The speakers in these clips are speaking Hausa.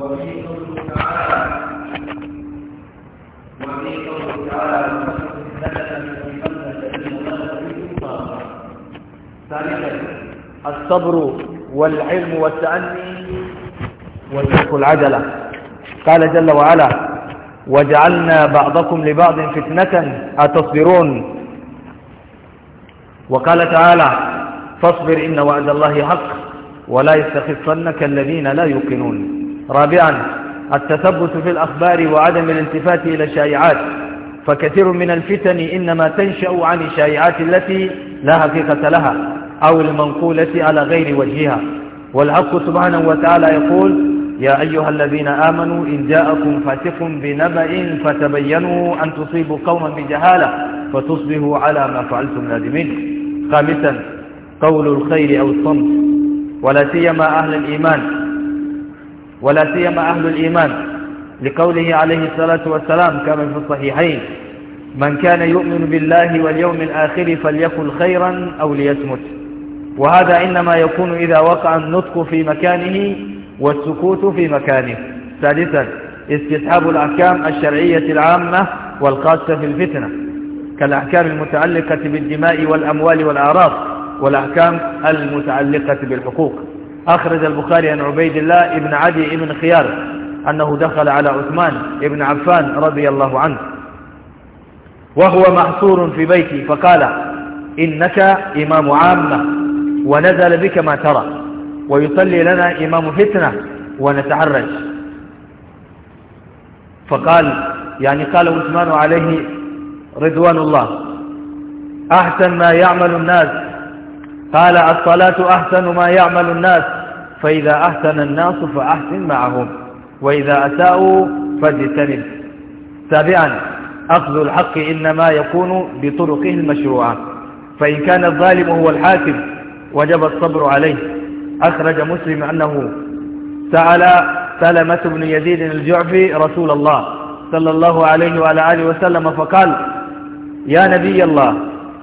وفي قوله تعالى وفي قوله تعالى ثالثا الصبر والعلم والتأني وترك العجلة قال جل وعلا وجعلنا بعضكم لبعض فتنة أتصبرون وقال تعالى فاصبر إن وعد الله حق ولا يستخفنك الذين لا يوقنون رابعا التثبت في الأخبار وعدم الالتفات إلى الشائعات فكثير من الفتن إنما تنشأ عن الشائعات التي لا حقيقة لها أو المنقولة على غير وجهها والحق سبحانه وتعالى يقول يا أيها الذين آمنوا إن جاءكم فاتق بنبأ فتبينوا أن تصيبوا قوما بجهالة فتصبحوا على ما فعلتم نادمين خامسا قول الخير أو الصمت ولا سيما أهل الإيمان ولا سيما أهل الإيمان لقوله عليه الصلاة والسلام كما في الصحيحين من كان يؤمن بالله واليوم الآخر فليقل خيرا أو ليسمت وهذا إنما يكون إذا وقع النطق في مكانه والسكوت في مكانه ثالثا استسحاب الأحكام الشرعية العامة والخاصة في الفتنة كالأحكام المتعلقة بالدماء والأموال والأعراض والأحكام المتعلقة بالحقوق أخرج البخاري عن عبيد الله ابن عدي ابن خيار أنه دخل على عثمان ابن عفان رضي الله عنه وهو محصور في بيتي فقال إنك إمام عامة ونزل بك ما ترى ويصلي لنا إمام فتنة ونتعرج فقال يعني قال عثمان عليه رضوان الله أحسن ما يعمل الناس قال الصلاة أحسن ما يعمل الناس فإذا أحسن الناس فأحسن معهم وإذا أساءوا فاجتنب سابعا أخذ الحق إنما يكون بطرقه المشروعة فإن كان الظالم هو الحاكم وجب الصبر عليه أخرج مسلم أنه سأل سلمة بن يزيد الجعفي رسول الله صلى الله عليه وعلى آله وسلم فقال يا نبي الله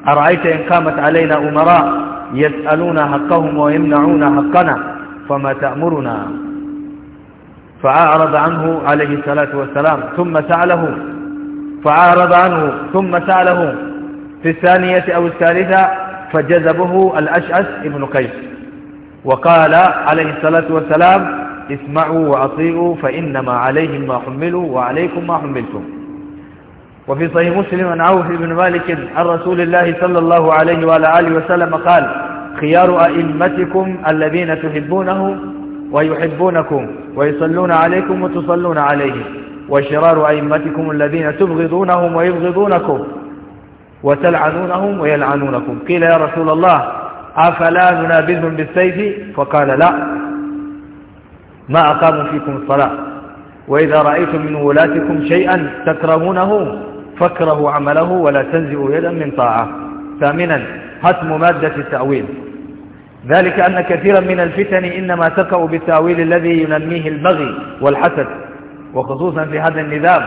أرأيت إن قامت علينا أمراء يسألون حقهم ويمنعون حقنا فما تأمرنا فأعرض عنه عليه الصلاة والسلام ثم سأله فأعرض عنه ثم سأله في الثانية أو الثالثة فجذبه الأشعث ابن قيس وقال عليه الصلاة والسلام اسمعوا وأطيعوا فإنما عليهم ما حملوا وعليكم ما حملتم وفي صحيح مسلم عن عوف بن مالك عن رسول الله صلى الله عليه وعلى آله وسلم قال خيار أئمتكم الذين تحبونه ويحبونكم ويصلون عليكم وتصلون عليهم وشرار أئمتكم الذين تبغضونهم ويبغضونكم وتلعنونهم ويلعنونكم قيل يا رسول الله أفلا ننابذهم بالسيف فقال لا ما أقاموا فيكم الصلاة وإذا رأيتم من ولاتكم شيئا تكرهونه فاكرهوا عمله ولا تنزئوا يدا من طاعة ثامنا هتم مادة التأويل ذلك أن كثيرا من الفتن إنما تقع بالتأويل الذي ينميه البغي والحسد وخصوصا في هذا النظام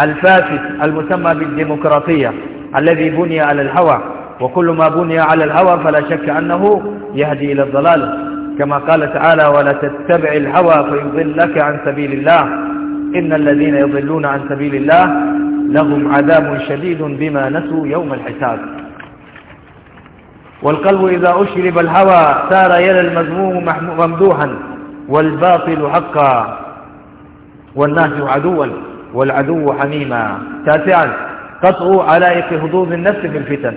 الفاسد المسمى بالديمقراطية الذي بني على الهوى وكل ما بني على الهوى فلا شك أنه يهدي إلى الضلال كما قال تعالى ولا تتبع الهوى فيضلك عن سبيل الله إن الذين يضلون عن سبيل الله لهم عذاب شديد بما نسوا يوم الحساب والقلب إذا أشرب الهوى سار يرى المذموم ممدوحا والباطل حقا والناس عدوا والعدو حميما تاسعا قطع علائق حظوظ النفس في الفتن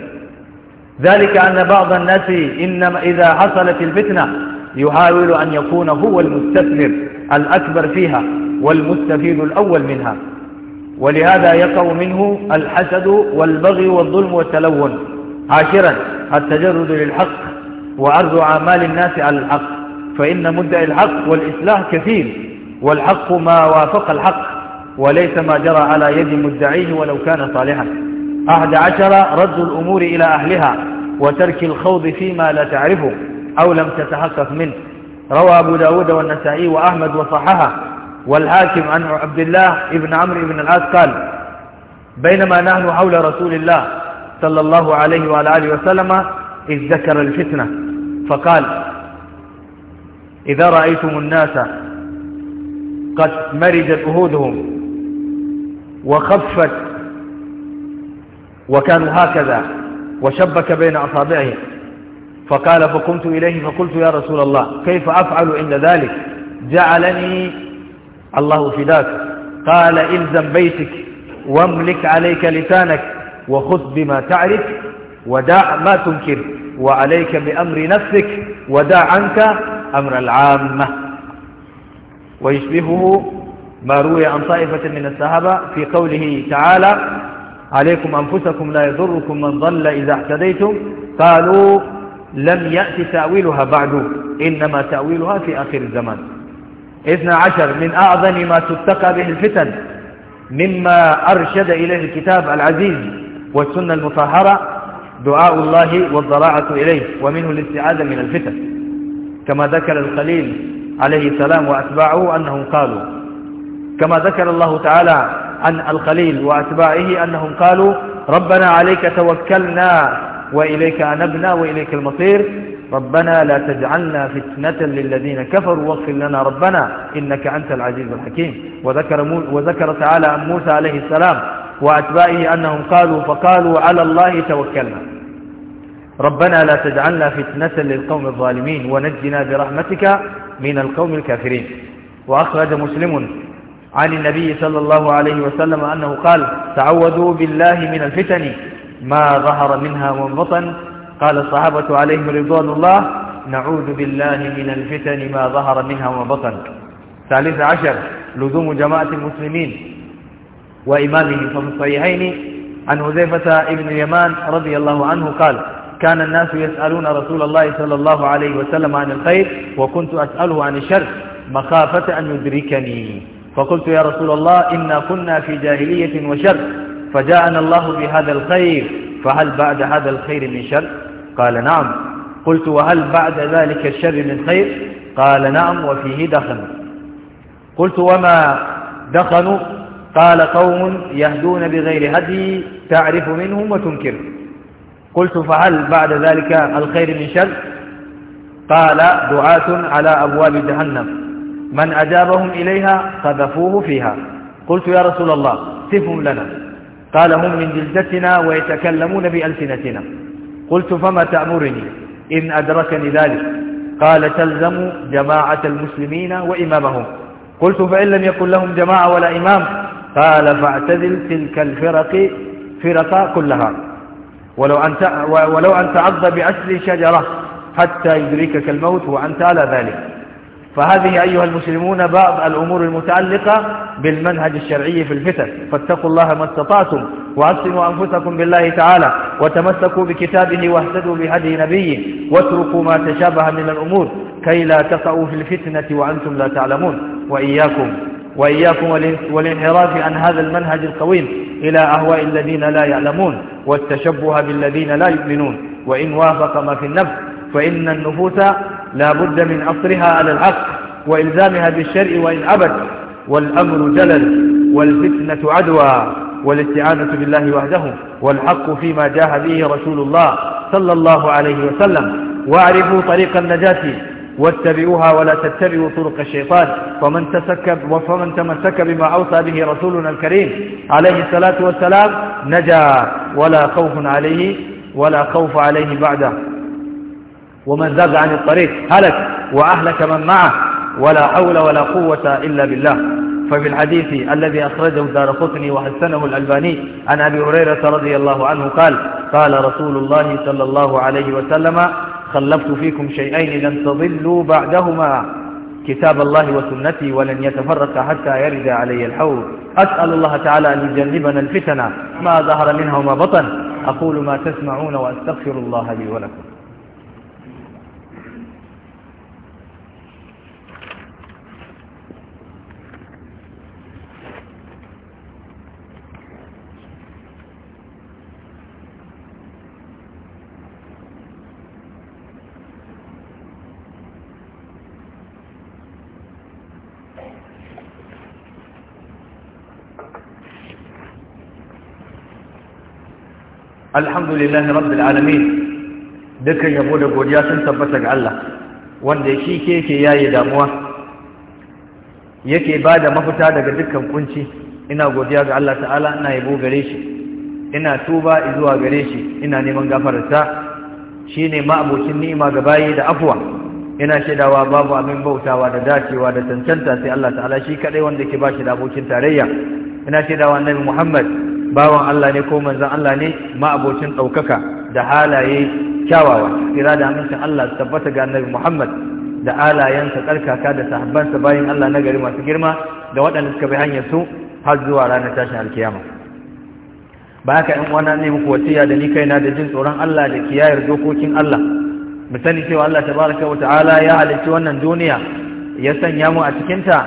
ذلك أن بعض الناس إنما إذا حصلت الفتنة يحاول أن يكون هو المستثمر الأكبر فيها والمستفيد الأول منها ولهذا يقع منه الحسد والبغي والظلم والتلون عاشرا التجرد للحق وعرض أعمال الناس على الحق فإن مدعي الحق والإصلاح كثير والحق ما وافق الحق وليس ما جرى على يد مدعيه ولو كان صالحا أحد عشر رد الأمور إلى أهلها وترك الخوض فيما لا تعرفه أو لم تتحقق منه روى أبو داود والنسائي وأحمد وصححه والحاكم عن عبد الله ابن عمرو بن العاص قال بينما نحن حول رسول الله صلى الله عليه وعلى آله وسلم إذ ذكر الفتنة فقال إذا رأيتم الناس قد مرجت أهودهم وخفت وكانوا هكذا وشبك بين أصابعه فقال فقمت إليه فقلت يا رسول الله كيف أفعل عند ذلك جعلني الله فداك قال إلزم بيتك واملك عليك لسانك وخذ بما تعرف ودع ما تنكر وعليك بأمر نفسك ودع عنك أمر العامة ويشبهه ما روي عن طائفة من السهبة في قوله تعالى عليكم أنفسكم لا يضركم من ضل إذا اهتديتم قالوا لم يأت تأويلها بعد إنما تأويلها في آخر الزمان إثنى عشر من أعظم ما تتقى به الفتن مما أرشد إليه الكتاب العزيز والسنة المطهرة دعاء الله والضراعة إليه ومنه الاستعاذة من الفتن كما ذكر الخليل عليه السلام وأتباعه أنهم قالوا كما ذكر الله تعالى عن الخليل وأتباعه أنهم قالوا ربنا عليك توكلنا وإليك أنبنا وإليك المصير ربنا لا تجعلنا فتنة للذين كفروا واغفر لنا ربنا إنك أنت العزيز الحكيم وذكر, وذكر تعالى عن موسى عليه السلام وأتباعه أنهم قالوا فقالوا على الله توكلنا ربنا لا تجعلنا فتنة للقوم الظالمين ونجنا برحمتك من القوم الكافرين وأخرج مسلم عن النبي صلى الله عليه وسلم أنه قال تعوذوا بالله من الفتن ما ظهر منها ومن بطن قال الصحابة عليهم رضوان الله نعوذ بالله من الفتن ما ظهر منها ومن بطن ثالث عشر لزوم جماعة المسلمين وإمامه ففي الصحيحين عن هزيفة ابن اليمان رضي الله عنه قال كان الناس يسألون رسول الله صلى الله عليه وسلم عن الخير وكنت أسأله عن الشر مخافة أن يدركني فقلت يا رسول الله إنا كنا في جاهلية وشر فجاءنا الله بهذا الخير فهل بعد هذا الخير من شر قال نعم قلت وهل بعد ذلك الشر من خير قال نعم وفيه دخن قلت وما دخنوا قال قوم يهدون بغير هدي تعرف منهم وتنكر قلت فهل بعد ذلك الخير من شر قال دعاة على أبواب جهنم من أجابهم إليها قذفوه فيها قلت يا رسول الله سفهم لنا قال هم من جلدتنا ويتكلمون بألسنتنا قلت فما تأمرني إن أدركني ذلك قال تلزم جماعة المسلمين وإمامهم قلت فإن لم يكن لهم جماعة ولا إمام قال فاعتزل تلك الفرق فرق كلها ولو أن ولو أن تعض بعشر شجرة حتى يدركك الموت وأنت على ذلك فهذه أيها المسلمون بعض الأمور المتعلقة بالمنهج الشرعي في الفتن فاتقوا الله ما استطعتم وأصنوا أنفسكم بالله تعالى وتمسكوا بكتابه واهتدوا بهدي نبيه واتركوا ما تشابه من الأمور كي لا تقعوا في الفتنة وأنتم لا تعلمون وإياكم وإياكم والانحراف عن هذا المنهج القويم إلى أهواء الذين لا يعلمون والتشبه بالذين لا يؤمنون وإن وافق ما في النفس فإن النفوس لا بد من أصرها على العقل وإلزامها بالشرع وإن عبد والأمر جلل والفتنة عدوى والاستعانة بالله وحده والحق فيما جاه به رسول الله صلى الله عليه وسلم واعرفوا طريق النجاة واتبعوها ولا تتبعوا طرق الشيطان فمن تسك ومن تمسك بما أوصى به رسولنا الكريم عليه الصلاة والسلام نجا ولا خوف عليه ولا خوف عليه بعده ومن زاد عن الطريق هلك وأهلك من معه ولا حول ولا قوة إلا بالله ففي الحديث الذي أخرجه دار قطني وحسنه الألباني عن أبي هريرة رضي الله عنه قال قال رسول الله صلى الله عليه وسلم خلفت فيكم شيئين لن تضلوا بعدهما كتاب الله وسنتي ولن يتفرق حتى يرد علي الحوض أسأل الله تعالى أن يجنبنا الفتن ما ظهر منها وما بطن أقول ما تسمعون وأستغفر الله لي ولكم alhamdulillahi rabbil alamin dukkan yabo da godiya sun tabbata ga Allah wanda shi ke yake yaye damuwa yake bada mafita daga dukkan kunci ina godiya ga Allah ta'ala ina yabo gare shi ina tuba zuwa gare shi ina neman gafararsa shine ma'abocin ni'ima ga bayi da afwa ina shaidawa babu abin bautawa da dacewa da tantanta sai Allah ta'ala shi kadai wanda ke bashi da abokin tarayya ina shaidawa annabi Muhammad bawan Allah ne ko manzan Allah ne ma'abocin ɗaukaka da halaye kyawawa tsira da amincin Allah su tabbata ga annabi Muhammad da alayensa tsarkaka da sahabbansa bayan Allah na gari masu girma da waɗanda suka bi hanyar su har zuwa ranar tashin alkiyama ba haka in uwana ne muku wasiya da ni kaina da jin tsoron Allah da kiyayar dokokin Allah mu sani cewa Allah tabaraka wa ta'ala ya halicci wannan duniya ya sanya mu a cikinta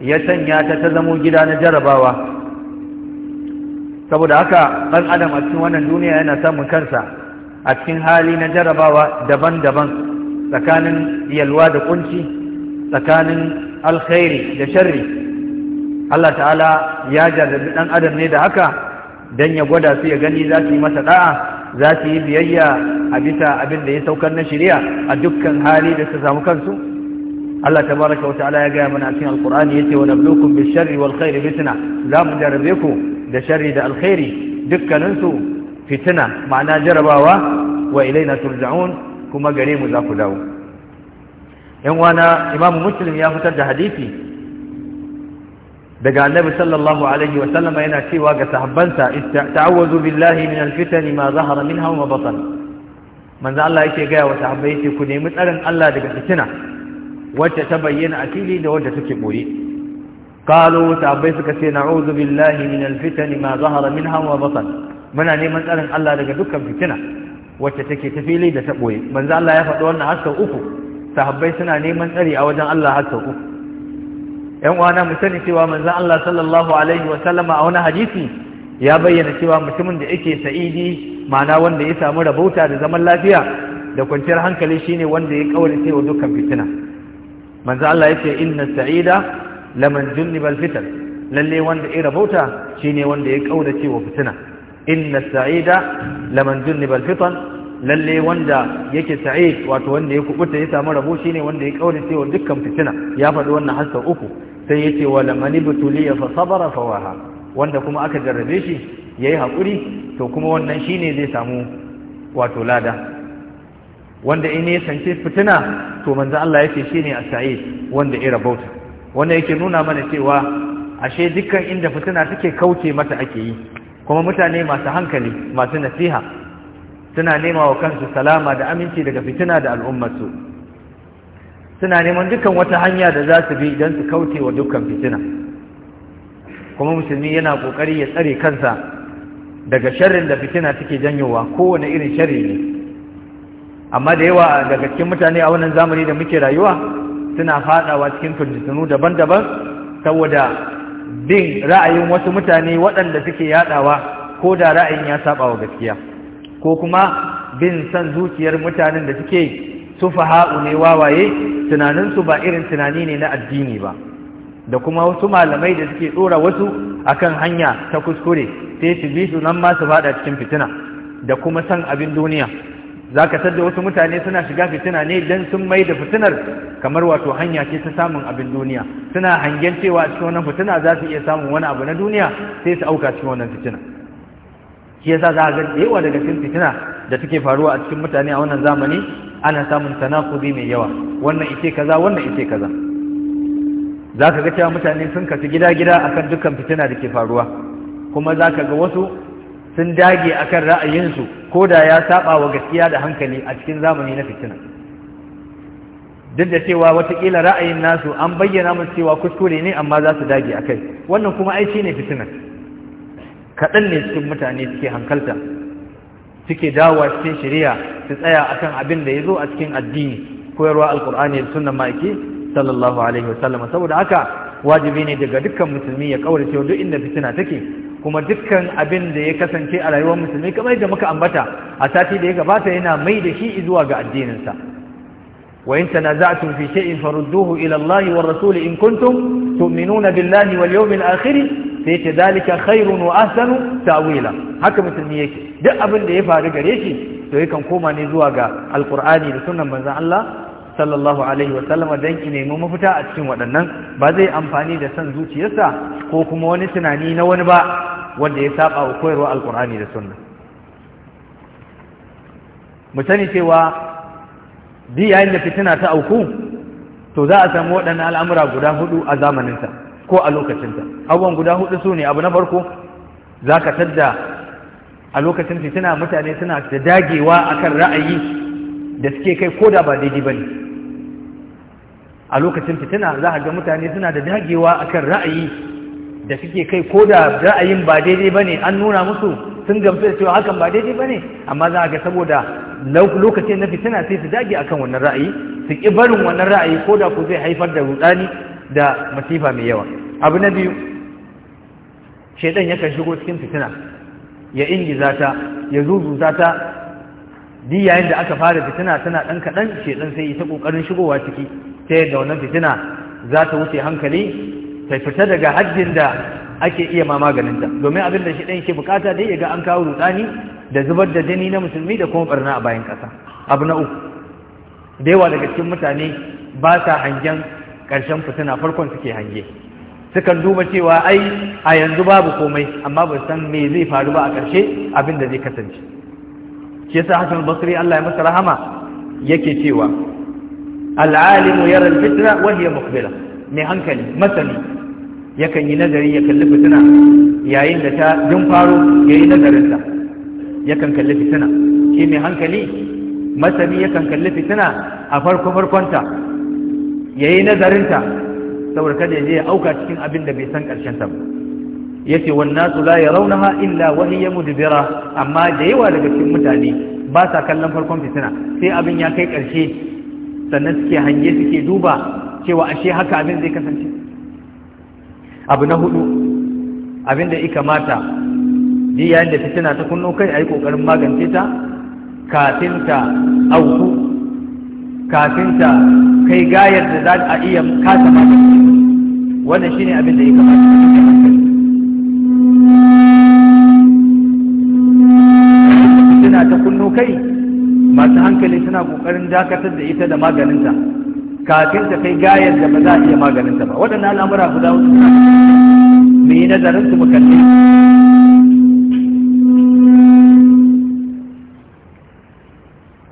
ya sanya ta ta zamo gida na jarabawa saboda haka ɗan adam a cikin wannan duniya yana samun kansa a cikin hali na jarabawa daban-daban tsakanin yalwa da kunci tsakanin alkhairi da sharri Allah ta'ala ya jarrabi ɗan adam ne da haka don ya gwada su ya gani za su yi masa ɗa'a za su yi biyayya a bisa abin da ya saukar na shirya a dukkan hali da su samu kansu Allah tabaraka wa ta'ala ya gaya mana a cikin alqur'ani yace wa nabluukum bish-sharri wal khairi fitna za mu jarabe ku da sharri da alkhairi dukkaninsu fitina ma'ana jarabawa wa ilaina turja'un kuma gare mu za ku dawo yan wana imamu muslim ya fitar da hadisi daga annabi sallallahu alaihi wa sallam yana cewa ga sahabbansa ta'awwazu billahi min alfitan ma zahara minha wa batan manzo Allah yake ga wa sahabbai ku nemi tsarin Allah daga fitina wacce ta bayyana a fili da wacce take ɓoye. قالوا تعبيس كثير نعوذ بالله من ma ما ظهر منها وبطن muna neman tsarin Allah daga dukkan fitina wacce take ta fili da ta boye manzo Allah ya faɗi wannan har uku sahabbai suna neman tsari a wajen Allah har sau uku ƴan uwana mu sani cewa manzo Allah sallallahu alaihi wa sallama a wani hadisi ya bayyana cewa mutumin da yake sa'idi ma'ana wanda ya samu rabauta da zaman lafiya da kwanciyar hankali shine wanda ya kaurace wa dukkan fitina manzo Allah yake inna sa'ida laman junnibal fitan lalle wanda ya rabauta shine wanda ya kaurace wa fitina inna sa'ida laman junnibal fitan lalle wanda yake sa'id wato wanda ya kubuta ya samu rabo shine wanda ya kaurace wa dukkan fitina ya faɗi wannan hassa uku sai yace wa laman ibtuliya fa sabara fa waha wanda kuma aka jarrabe shi yayi hakuri to kuma wannan shine zai samu wato lada wanda in ya sanci fitina to manzo Allah yake shine as-sa'id wanda ya rabota. wanda yake nuna mana cewa ashe dukkan inda fitina take kauce mata ake yi kuma mutane masu hankali masu nasiha suna nema wa kansu salama da aminci daga fitina da al'ummarsu suna neman dukkan wata hanya da za su bi don su kauce wa dukkan fitina kuma musulmi yana kokari ya tsare kansa daga sharrin da fitina take janyowa kowane irin sharri ne amma da yawa daga cikin mutane a wannan zamani da muke rayuwa suna fadawa cikin firjitunu daban-daban saboda bin ra'ayin wasu mutane waɗanda suke yaɗawa, ko da ra'ayin ya saba wa gaskiya ko kuma bin san zuciyar mutanen da suke sufaha'u ne wawaye tunaninsu ba irin tunani ne na addini ba da kuma wasu malamai da suke dora wasu akan hanya ta kuskure sai su bi su nan ma su fada cikin fitina da kuma san abin duniya zaka sadda wasu mutane suna shiga fitina ne dan sun mai da fitinar kamar wato hanya ce ta samun abin duniya suna hangen cewa cikin wannan fitina za su iya samun wani abu na duniya sai su auka cikin wannan fitina shi yasa za a ga yawa daga cikin fitina da take faruwa a cikin mutane a wannan zamani ana samun tanakudi mai yawa wannan ice kaza wannan ice kaza za ka ga cewa mutane sun kasu gida-gida akan dukkan fitina da ke faruwa kuma za ka ga wasu sun dage akan ra'ayinsu ko da ya saba wa gaskiya da hankali a cikin zamani na fitina duk da cewa watakila ra'ayin nasu an bayyana musu cewa kuskure ne amma za su dage a kai wannan kuma aiki ne fitina. kaɗan ne cikin mutane suke hankalta suke dawowa cikin shari'a su tsaya a kan abin da ya zo a cikin addini koyarwa alkur'ani da sunan ma'aiki sallallahu alaihi wasallam saboda haka wajibi ne daga dukkan musulmi ya kaura cewa duk inda fitina take kuma dukkan abin da ya kasance a rayuwar musulmi kamar yadda muka ambata a sati da ya gabata yana mai da shi zuwa ga addininsa وإن تنازعتم في شيء فردوه إلى الله والرسول إن كنتم تؤمنون بالله واليوم الآخر فيك ذلك خير وأحسن تأويلا هكا مسلميك دق أبن دي فارق ريشي ويكم كوما نزوغا القرآن لسنة من الله sallallahu alaihi wasallama don ki nemi mafita a cikin waɗannan ba zai amfani da son zuciyarsa ko kuma wani tunani na wani ba wanda ya saba wa koyarwa alkur'ani da sunna mu cewa di yayin da fitina ta auku to za a samu waɗannan al'amura guda hudu a zamaninta ko a lokacinta abubuwan guda hudu su ne abu na farko za ka tadda a lokacin fitina mutane suna da dagewa akan ra'ayi da suke kai ko da ba daidai ba ne a lokacin fitina za a ga mutane suna da dagewa akan ra'ayi da suke kai ko da ra'ayin ba daidai ba ne an nuna musu sun gamsu da cewa hakan ba daidai ba ne amma za a ga saboda lokacin na fitina sai su dage akan wannan ra'ayi su ki barin wannan ra'ayi ko da ku zai haifar da rudani da masifa mai yawa abu na biyu shaidan yakan shigo cikin fitina ya ingiza ta ya zuzuza ta duk yayin da aka fara fitina tana dan kaɗan shaidan sai ta kokarin shigowa ciki ta yadda wannan fitina za ta wuce hankali ta fita daga hajjin da ake iya ma ta domin abin da shi ɗan ke bukata dai ya ga an kawo rudani da zubar da jini na musulmi da kuma barna a bayan ƙasa abu na uku da yawa daga cikin mutane ba sa hangen ƙarshen fitina farkon suke hange sukan duba cewa ai a yanzu babu komai amma ba san me zai faru ba a ƙarshe abin da zai kasance shi yasa Hassan Basri Allah ya masa rahama yake cewa al-alimu yara al-fitna wa hiya muqbila mai hankali masani yakan yi nazari ya kalli fitina yayin da ta jin faro ya yi nazarinta, yakan kalli fitina shi mai hankali masani yakan kalli fitina a farko farkonta ya yi nazarinta saboda kada ya je ya auka cikin abin da bai san ƙarshen ta ba yace ya la yarawnaha illa wani ya mudubira, amma da yawa daga cikin mutane ba sa kallon farkon fitina sai abin ya kai karshe sannan suke hange suke duba cewa ashe haka abin zai kasance abu na hudu abinda ya kamata ji yayin da fitina ta kunno kai a yi ƙoƙarin magance ta kafin ta auku kafin ta kai gayar da za a iya kasa magance wannan shine abin da ya kamata fitina ta kunno kai masu hankali suna ƙoƙarin dakatar da ita da maganinta kafin ta kai gayar da ba za a iya maganin ta ba waɗannan al'amura guda su mu yi nazarin su mu kalli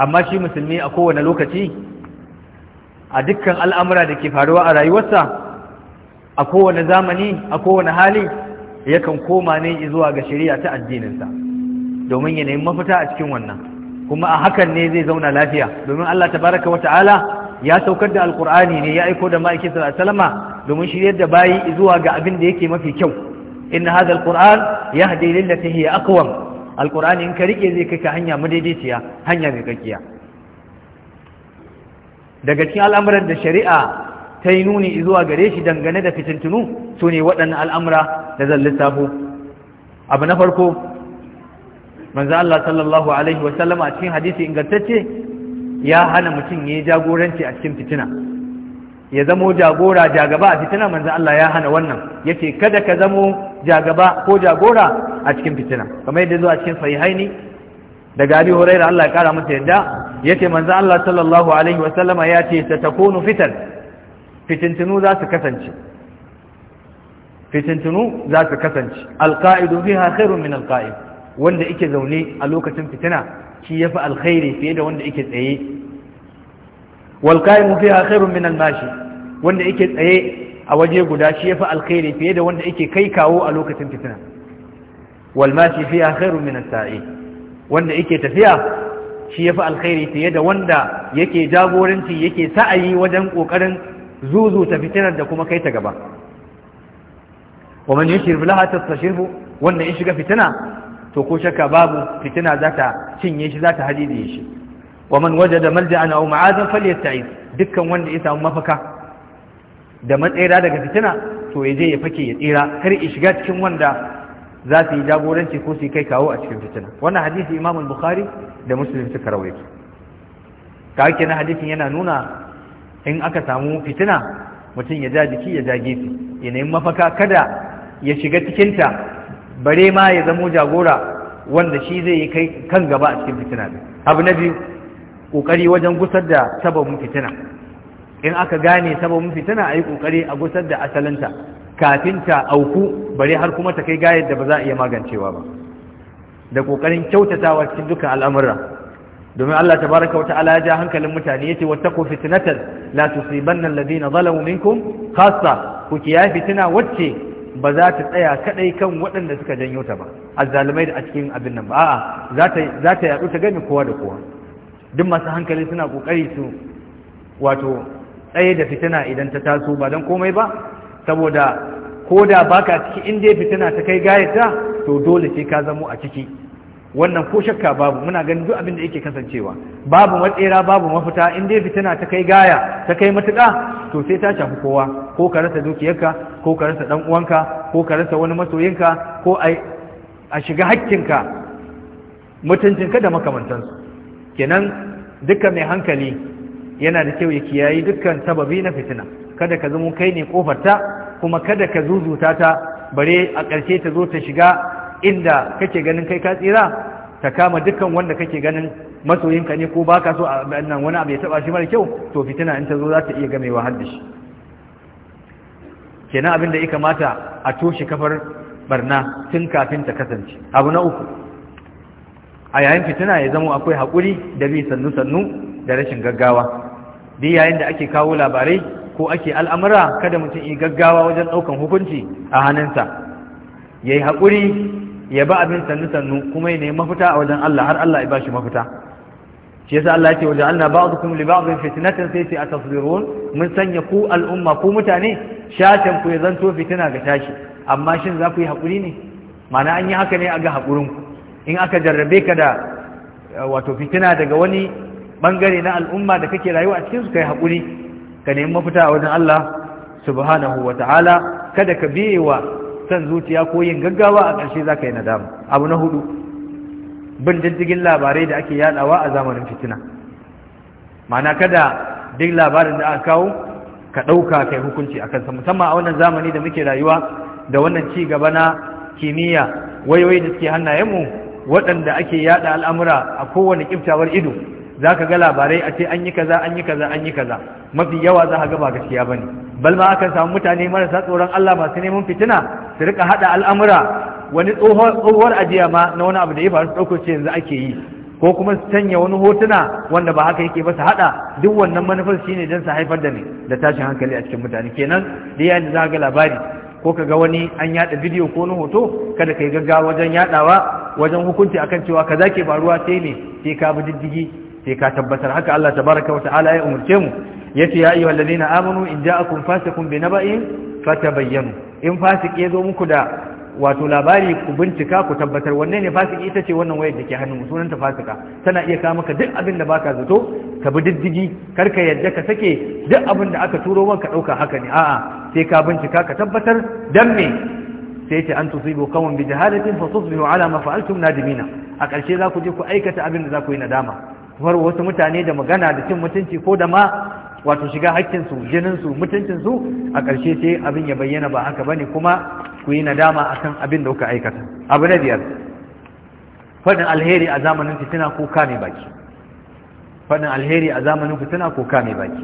amma shi musulmi a kowane lokaci a dukkan al'amura da ke faruwa a rayuwarsa a kowane zamani a kowane hali yakan koma ne zuwa ga shari'a ta addininsa domin ya mafita a cikin wannan kuma a hakan ne zai zauna lafiya domin Allah tabaraka wata'ala ya saukar da alkur'ani ne ya aiko da ma'aikin sallallahu alaihi domin shiryar da bayi zuwa ga abin da yake mafi kyau inna hadha alquran yahdi lillati hiya aqwam alqur'ani in ka rike zai kai ka hanya madaidaiciya hanya mai kakkiya daga cikin al'amuran da shari'a ta yi nuni zuwa gare shi dangane da fitintunu su ne waɗannan al'amura da zan lissafo abu na farko manzo Allah sallallahu alaihi sallama a cikin hadisi ingantacce ya hana mutum ya yi jagoranci a cikin fitina ya zamo jagora jagaba a fitina manzan Allah ya hana wannan ya ce kada ka zamo jagaba ko jagora a cikin fitina kamar yadda zuwa cikin sahihaini daga abi huraira Allah ya kara masa yadda ya ce manzan Allah sallallahu alaihi wasallama ya ce satakunu fitan fitintunu za su kasance fitintunu za su kasance alqa'idu fiha khairun min alqa'id wanda yake zaune a lokacin fitina shi ya fi alkhairi fiye da wanda yake tsaye wal qa'imu fiha khairun min al mashi wanda yake tsaye a waje guda shi ya fi alkhairi fiye da wanda yake kai kawo a lokacin fitina Walmashi fi fiha khairun min al sa'i wanda yake tafiya shi ya fi alkhairi fiye da wanda yake jagoranci yake sa'ayi wajen kokarin zuzuta fitinar da kuma kai ta gaba wa man yushir bilaha tastashirfu wanda in shiga fitina to ko shakka babu fitina za ta cinye shi za ta hadidiye shi wa man wajada malja'an aw ma'azan falyasta'iz dukkan wanda ya samu mafaka da matsayira daga fitina to ya ya fake ya tsira kar ya shiga cikin wanda za su yi jagoranci ko su kai kawo a cikin fitina wannan hadisi imam bukhari da muslim suka rawaito ka na hadisin yana nuna in aka samu fitina mutum ya ja jiki ya ja gefe ya nemi mafaka kada ya shiga cikinta bare ma ya zamo jagora wanda shi zai kai kan gaba a cikin fitina ne abu na biyu kokari wajen gusar da sababin fitina in aka gane sababin fitina a yi kokari a gusar da asalinta kafin ta auku bare har kuma ta kai gayar da ba za a iya magancewa ba da kokarin kyautatawa cikin dukkan al'amura domin Allah tabaraka wa ta'ala ya ja hankalin mutane yace wattaqu fitnatan la tusibanna alladhina zalamu minkum khassa ku kiyaye fitina wacce ba za ta tsaya kaɗai kan waɗanda suka janyo ta ba A azzalumai da a cikin abin nan ba a'a za ta yaɗu ta gani kowa da kowa duk masu hankali suna ƙoƙari su wato tsaye da fitina idan ta taso ba don komai ba saboda ko da baka ciki inda fitina ta kai gayata to dole sai ka zamo a ciki wannan ko shakka babu muna ganin duk abin da yake kasancewa babu matsera babu mafita in dai fitina ta kai gaya ta kai matuƙa to sai ta shafi kowa ko ka rasa dukiyarka ko ka rasa ɗan uwanka ko ka rasa wani masoyinka ko a shiga hakkinka mutuncinka da makamantansu kenan dukkan mai hankali yana da kyau ya kiyayi dukkan sababi na fitina kada ka zama kai ne kofarta kuma kada ka zuzuta ta bare a ƙarshe ta zo ta shiga inda kake ganin kai ka tsira ta kama dukkan wanda kake ganin masoyinka ne ko baka so a nan wani abu ya taba shi mara kyau to fitina in ta zo za ta iya gamewa har da shi kenan abin da ya kamata a toshe kafar barna tun kafin ta kasance abu na uku a yayin fitina ya zama akwai haƙuri da bi sannu-sannu da rashin gaggawa duk yayin da ake kawo labarai ko ake al'amura kada mutum yi gaggawa wajen ɗaukan hukunci a hannunsa ya yi haƙuri ya ba abin sannu sannu kuma ya nemi mafita a wajen Allah har Allah ya bashi mafita shi yasa Allah yake wajen Allah ba'dukum li fitina fitnatan sai ce atasbirun mun sanya ku al'umma ku mutane shatan ku ya zanto fitina ga tashi amma shin za ku yi hakuri ne ma'ana an yi haka ne a ga hakurin ku in aka jarrabe ka da wato fitina daga wani bangare na al'umma da kake rayuwa a cikin su kai hakuri ka nemi mafita a wajen Allah subhanahu wata'ala kada ka biye wa san zuciya ko yin gaggawa a ƙarshe za ka yi nadama abu na hudu bin diddigin labarai da ake yadawa a zamanin fitina ma'ana kada duk labarin da aka kawo ka ɗauka kai hukunci a kansa musamman a wannan zamani da muke rayuwa da wannan ci gaba na kimiyya wayoyi da suke hannayenmu waɗanda ake yada al'amura a kowane kiftawar ido za ka ga labarai a ce an yi kaza an yi kaza an yi kaza mafi yawa za ka ga ba gaskiya bane ne balma akan samu mutane marasa tsoron Allah masu neman fitina su rika hada al'amura wani tsohuwar ajiya ma na wani abu da ya faru ɗauko ce yanzu ake yi ko kuma su sanya wani hotuna wanda ba haka yake ba su haɗa? duk wannan manufar shine don su haifar da ne da tashin hankali a cikin mutane kenan da yayin da za ga labari ko ka ga wani an yada bidiyo ko na hoto kada ka yi gaggawa wajen yadawa wajen hukunci akan cewa kaza ke faruwa sai ne sai ka bi diddigi sai ka tabbatar haka Allah tabaraka wa ta'ala ya umurce mu yace ya ayyuhal ladina amanu in ja'akum fasiqun binaba'in fatabayyanu in fasiki yazo muku da wato labari ku bincika ku tabbatar wanne ne fasiki ita ce wannan wayar da ke hannun sunanta fasika tana iya kawo maka duk abin da baka zato ka bi diddigi kar ka yadda ka sake duk abin da aka turo maka dauka haka ne a'a sai ka bincika ka tabbatar dan me sai ce an tusibu qawman bi jahalatin fa tusbihu ala ma fa'altum nadimina a ƙarshe za ku je ku aikata abin da za ku yi nadama kamar wasu mutane da magana da cin mutunci ko da ma wato shiga hakkinsu jininsu mutuncinsu a ƙarshe sai abin ya bayyana ba haka bane kuma ku yi nadama akan abin da kuka aikata abu na biyar faɗin alheri a zamanin fitina ko kame baki faɗin alheri a zamanin fitina ko kame baki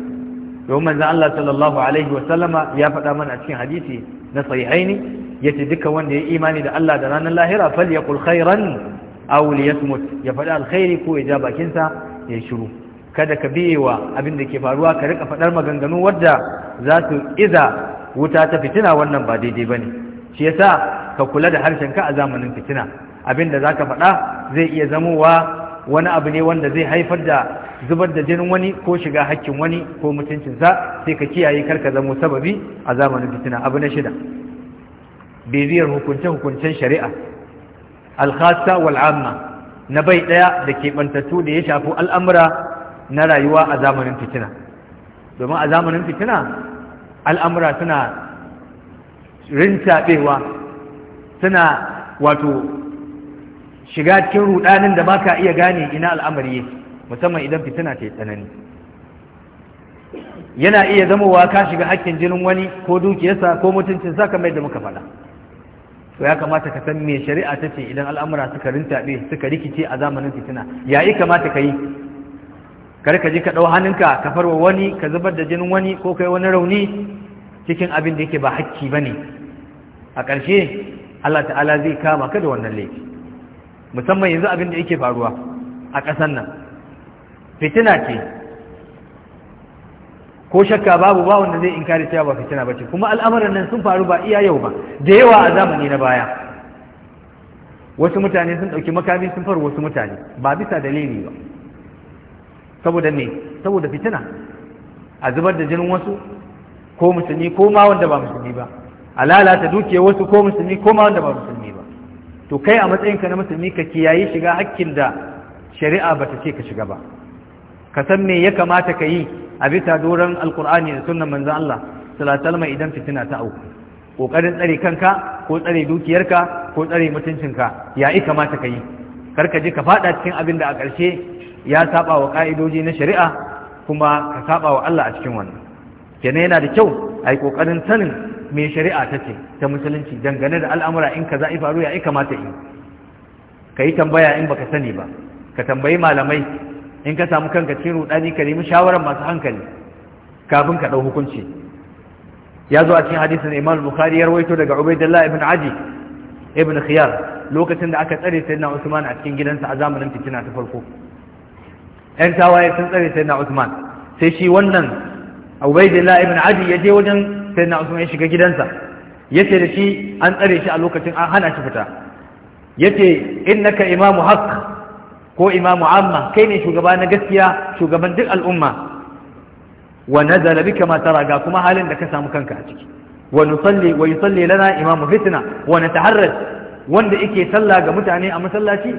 domin manzon Allah sallallahu alaihi wa sallama ya faɗa mana a cikin hadisi na sahihaini yace duka wanda ya imani da Allah da ranar lahira falyakul khairan aw yasmut ya faɗi alkhairi ko ya ja bakinsa ya shiru kada ka biyewa abin da ke faruwa ka rika faɗar maganganu wanda za su iza wuta ta fitina wannan ba daidai bane shi yasa ka kula da harshen ka a zamanin fitina abin da zaka faɗa zai iya zamowa wani abu ne wanda zai haifar da zubar da jinin wani ko shiga hakkin wani ko mutuncinsa sai ka kiyaye kar ka zamo sababi a zamanin fitina abu na shida bibiyar hukunce-hukuncen shari'a alkhasa wal amma na bai daya da kebantattu da ya shafi al'amura na rayuwa a zamanin fitina domin a zamanin fitina al'amura suna rintaɓewa suna wato shiga cikin rudanin da ba ka iya gane ina al'amari musamman idan fitina ta tsanani yana iya zamowa ka shiga hakkin jinin wani ko dukiyarsa ko mutuncinsa kamar yadda muka faɗa to ya kamata ka san me shari'a ta ce idan al'amura suka rintaɓe suka rikice a zamanin fitina ya yi kamata ka yi kar ka je ka ɗau hannunka ka farwa wani ka zubar da jinin wani ko kai wani rauni cikin abin da yake ba hakki ba ne a ƙarshe Allah ta'ala zai kama ka da wannan laifi musamman yanzu abin da yake faruwa a ƙasar nan fitina ce ko shakka babu ba wanda zai inkari cewa ba fitina bace kuma al'amuran nan sun faru ba iya yau ba da yawa a zamani na baya wasu mutane sun ɗauki makami sun faru wasu mutane ba bisa dalili ba saboda me saboda fitina a zubar da jinin wasu ko musulmi ko ma wanda ba musulmi ba a lalata dukiyar wasu ko musulmi ko ma wanda ba musulmi ba to kai a matsayinka na musulmi ka kiyaye shiga hakkin da shari'a ba ta ce ka shiga ba ka san me ya kamata ka yi a bisa doron alkur'ani da sunan manzan Allah salatalma idan fitina ta auku kokarin tsare kanka ko tsare dukiyarka ko tsare mutuncinka ya yi kamata ka yi kar ka je ka faɗa cikin abin da a ƙarshe ya saba wa ka'idoji na shari'a kuma ka saba wa Allah a cikin wannan kenan yana da kyau a yi kokarin sanin me shari'a ta ce ta musulunci dangane da al'amura in ka i faru ya yi kamata in ka yi tambaya in baka sani ba ka tambayi malamai in ka samu kanka cin rudani ka nemi shawarar masu hankali kafin ka dau hukunci ya zo a cikin hadisin Imam Bukhari ya rawaito daga ubaidullah ibn aji ibn Khiyar lokacin da aka tsare sayyidina Usman a cikin gidansa a zamanin fitina ta farko ƴan tawaye sun tsare sayyidina Usman sai shi wannan ubaidullah ibn aji ya je wajen sayyidina Usman ya shiga gidansa Ya ce da shi an tsare shi a lokacin an hana shi fita Ya yace innaka imamu haqq ko imamu amma kai ne shugaba na gaskiya shugaban duk al'umma wa nazala bika ma tara ga kuma halin da ka samu kanka a ciki wa nusalli wa yusalli lana imamu fitna wa nataharraj wanda yake sallah ga mutane a masallaci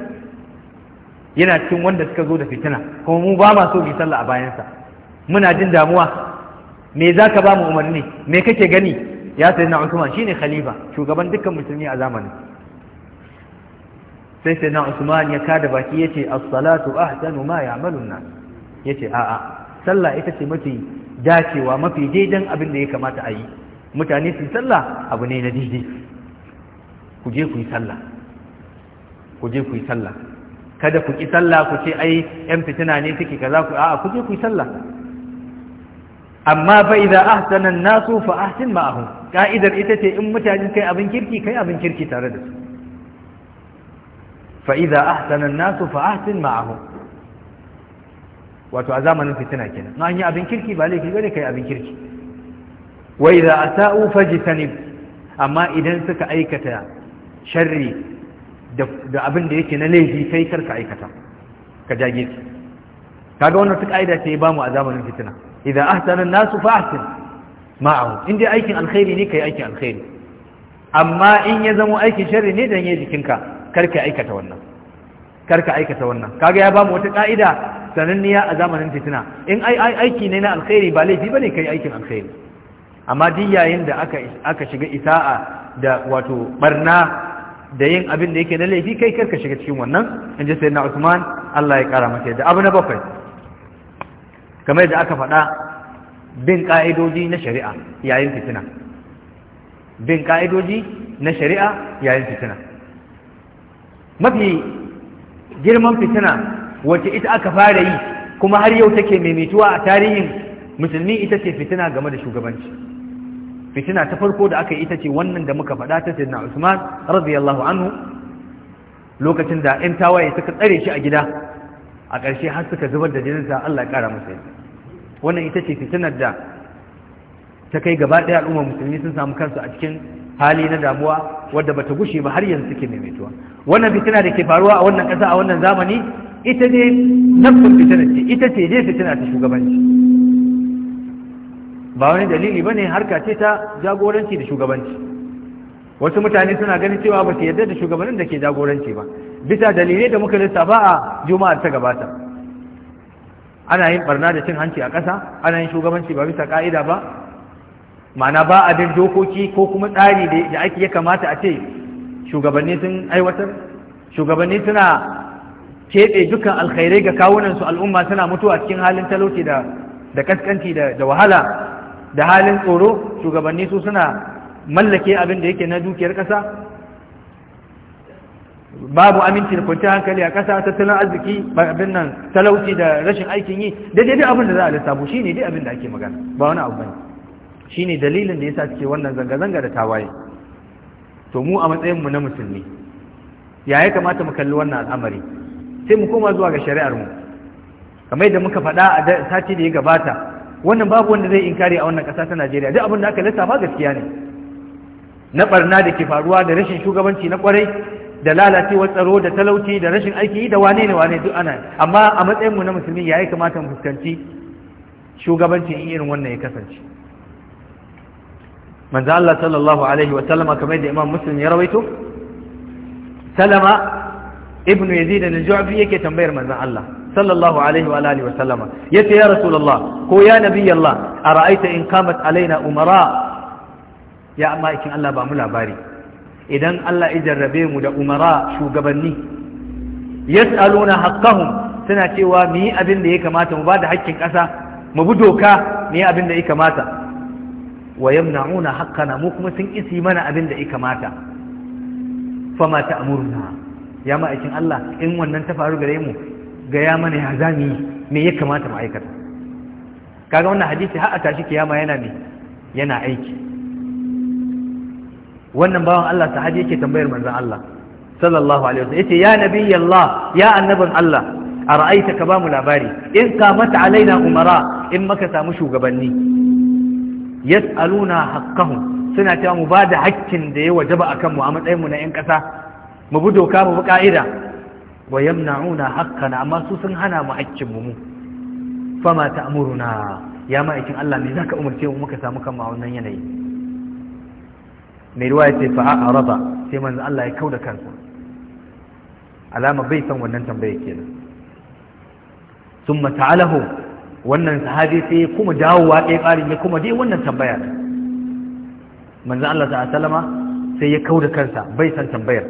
yana cikin wanda suka zo da fitina kuma mu ba ma so mu sallah a bayansa muna jin damuwa me zaka ba mu umarni me kake gani ya sayyidina shi shine khalifa shugaban dukkan musulmi a zamanin sai sai na usman ya kada baki yace as-salatu ahsanu ma ya'malu an-nas a a'a sallah ita ce mafi dacewa mafi daidan abin da ya kamata a yi mutane su sallah abu ne na daidai ku je ku yi sallah ku je ku yi sallah kada ku ki sallah ku ce ai yan fitina ne suke kaza ku a'a ku je ku yi sallah amma fa idza ahsana an-nasu fa ahsin ma'ahum ka'idar ita ce in mutane kai abin kirki kai abin kirki tare da su fa'iza ahsanan nasu fa ahsin ma'ahu wato a zamanin fitina kenan na an yi abin kirki ba laifi bane kai abin kirki wai wa idza faji fajtanib amma idan suka aikata sharri da abin da yake na laifi kai karka aikata ka jage su kaga wannan duk aida ce ba mu a zamanin fitina idza ahsana an-nasu fa ahsin ma'ahu in dai aikin alkhairi ne ka yi aikin alkhairi amma in ya zama aikin sharri ne dan yi jikinka karka aikata wannan karka aikata wannan kaga ya bamu wata ka'ida sananniya a zamanin fitina in ai aiki ne na alkhairi ba laifi bane kai aikin alkhairi amma duk yayin da aka aka shiga isa'a da wato barna da yin abin da yake na laifi kai karka shiga cikin wannan in ji sayyidina Usman Allah ya kara maka da abu na bakwai kamar yadda aka faɗa bin ka'idoji na shari'a yayin fitina bin ka'idoji na shari'a yayin fitina mafi girman fitina wacce ita aka fara yi kuma har yau take maimaituwa a tarihin musulmi ita ce fitina game da shugabanci fitina ta farko da aka yi ita ce wannan da muka faɗa ta sayyidina Usman radiyallahu anhu lokacin da 'yan tawaye suka tsare shi a gida a ƙarshe har suka zubar da jininsa Allah ya ƙara masa yadda wannan ita ce fitinar da ta kai gaba ɗaya al'ummar musulmi sun samu kansu a cikin hali na damuwa wadda bata gushe ba har yanzu suke maimaituwa wannan fitina da ke faruwa a wannan ƙasa a wannan zamani ita ne nafsun fitina ce ita ce dai fitina ta shugabanci ba wani dalili ba ne harka ce ta jagoranci da shugabanci wasu mutane suna ganin cewa ba su yarda da shugabannin da ke jagoranci ba bisa dalilai da muka lissafa a juma'ar ta gabata ana yin barna da cin hanci a ƙasa ana yin shugabanci ba bisa ka'ida ba ma'ana ba a bin dokoki ko kuma tsari da ake ya kamata a ce shugabanni sun aiwatar shugabanni suna keɓe dukkan alkhairai ga kawunansu al'umma suna mutuwa cikin halin talauci da da kaskanci da wahala da halin tsoro shugabanni su suna mallake abin da yake na dukiyar ƙasa babu aminci da kwanci hankali a ƙasa tattalin arziki abin nan talauci da rashin aikin yi daidai abin da za a lissafo shi ne dai abin da ake magana ba wani abu bane Shi ne dalilin da ya sa suke wannan zanga-zanga da tawaye to mu a matsayinmu na musulmi ya ya kamata mu kalli wannan al'amari sai mu koma zuwa ga shari'ar mu kamar yadda muka faɗa a sati da ya gabata wannan babu wanda zai inkari a wannan ƙasa ta Najeriya duk abin da aka lissafa gaskiya ne na barna da ke faruwa da rashin shugabanci na kwarai da lalacewar tsaro da talauci da rashin aiki da wane ne wane duk ana amma a matsayinmu na musulmi ya ya kamata mu fuskanci shugabanci irin wannan ya kasance manzo Allah sallallahu alaihi wa sallama kamar da Imam Muslim ya rawaito Salama ibn Yazid al-Ju'fi yake tambayar manzo Allah sallallahu alaihi wa alihi wa sallama yace ya Rasulullah ko ya Nabi Allah ara'aita in qamat alaina umara ya amma ikin Allah ba mu labari idan Allah ya jarrabe mu da umara shugabanni yas'aluna haqqahum suna cewa mu yi abin da ya kamata mu ba da haƙƙin ƙasa mu bi doka mi abinda abin da ya kamata wa yamna'una haqqana mu kuma sun isi mana abin da ya kamata fama ta'muruna ya ma'aikin Allah in wannan ta faru gare mu ga ya mana ya zami me ya kamata mu aikata kaga wannan hadisi har a tashi kiyama yana me yana aiki wannan bawan Allah sahabi yake tambayar manzon Allah sallallahu alaihi wasallam yace ya Allah, ya annabin Allah ara'aita ka ba mu labari in qamat alaina umara in maka samu shugabanni yas'aluna haqqahum suna cewa mu ba da hakkin da ya wajaba akan mu a matsayin mu na yan ƙasa mu bi doka mu bi ka'ida wa yamna'una haqqana amma su sun hana mu hakkin mu fama ta'muruna ya ma'aikin Allah me zaka umarce mu muka samu kanmu a wannan yanayi mai ruwa ce fa'a araba sai manzo Allah ya kauda kansa alama bai san wannan tambayar kenan ثم تعاله wannan sahabi sai kuma dawowa ɗaya ƙarin ya kuma dai wannan tambaya manzan Allah ta salama sai ya kau da kansa bai san tambayar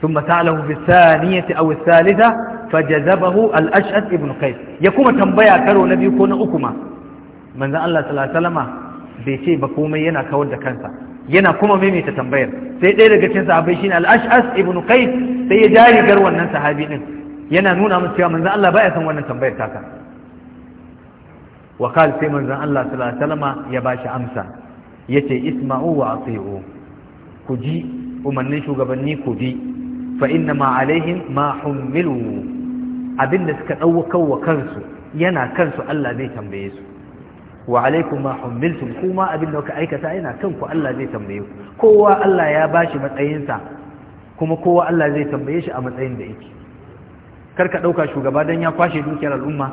sun mata'alahu fi saniyati aw salita fa jazabahu ashad ibn qais ya kuma tambaya karo na biyu ko na uku ma manzan Allah ta salama bai ce ba komai yana kawar da kansa yana kuma maimaita tambayar sai ɗaya daga cikin sahabai shine al-ash'as ibn qais sai ya jari gar wannan sahabi din yana nuna musu cewa manzan Allah baya san wannan tambayar taka wa sai manzon Allah ya bashi amsa yace isma'u wa ati'u ku ji umarnin shugabanni ku bi fa inna ma alaihim ma hummilu abinda suka daukar kansu yana kansu Allah zai tambaye su wa alaikum ma hummiltum kuma abinda kuka aikata yana kanku Allah zai tambaye ku kowa Allah ya bashi matsayinsa kuma kowa Allah zai tambaye shi a matsayin da kar ka ɗauka shugaba don ya kwashe dukiyar al'umma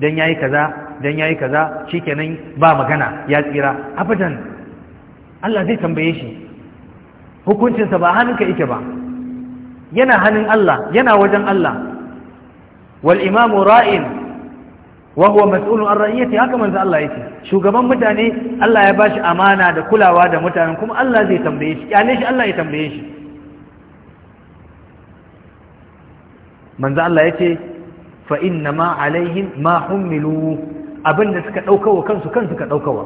don ya yi kaza dan yayi kaza shikenan ba magana ya tsira abadan Allah zai tambaye shi hukuncinsa ba hannunka yake ba yana hannun Allah yana wajen Allah wal imamu ra'in wa huwa mas'ulun an ra'iyati haka manzo Allah yake shugaban mutane Allah ya bashi amana da kulawa da mutanen kuma Allah zai tambaye shi kyale shi Allah ya tambaye shi manzo Allah yace fa inna ma alaihim ma hummilu abin da suka ɗaukawa kansu kansu ka ɗaukawa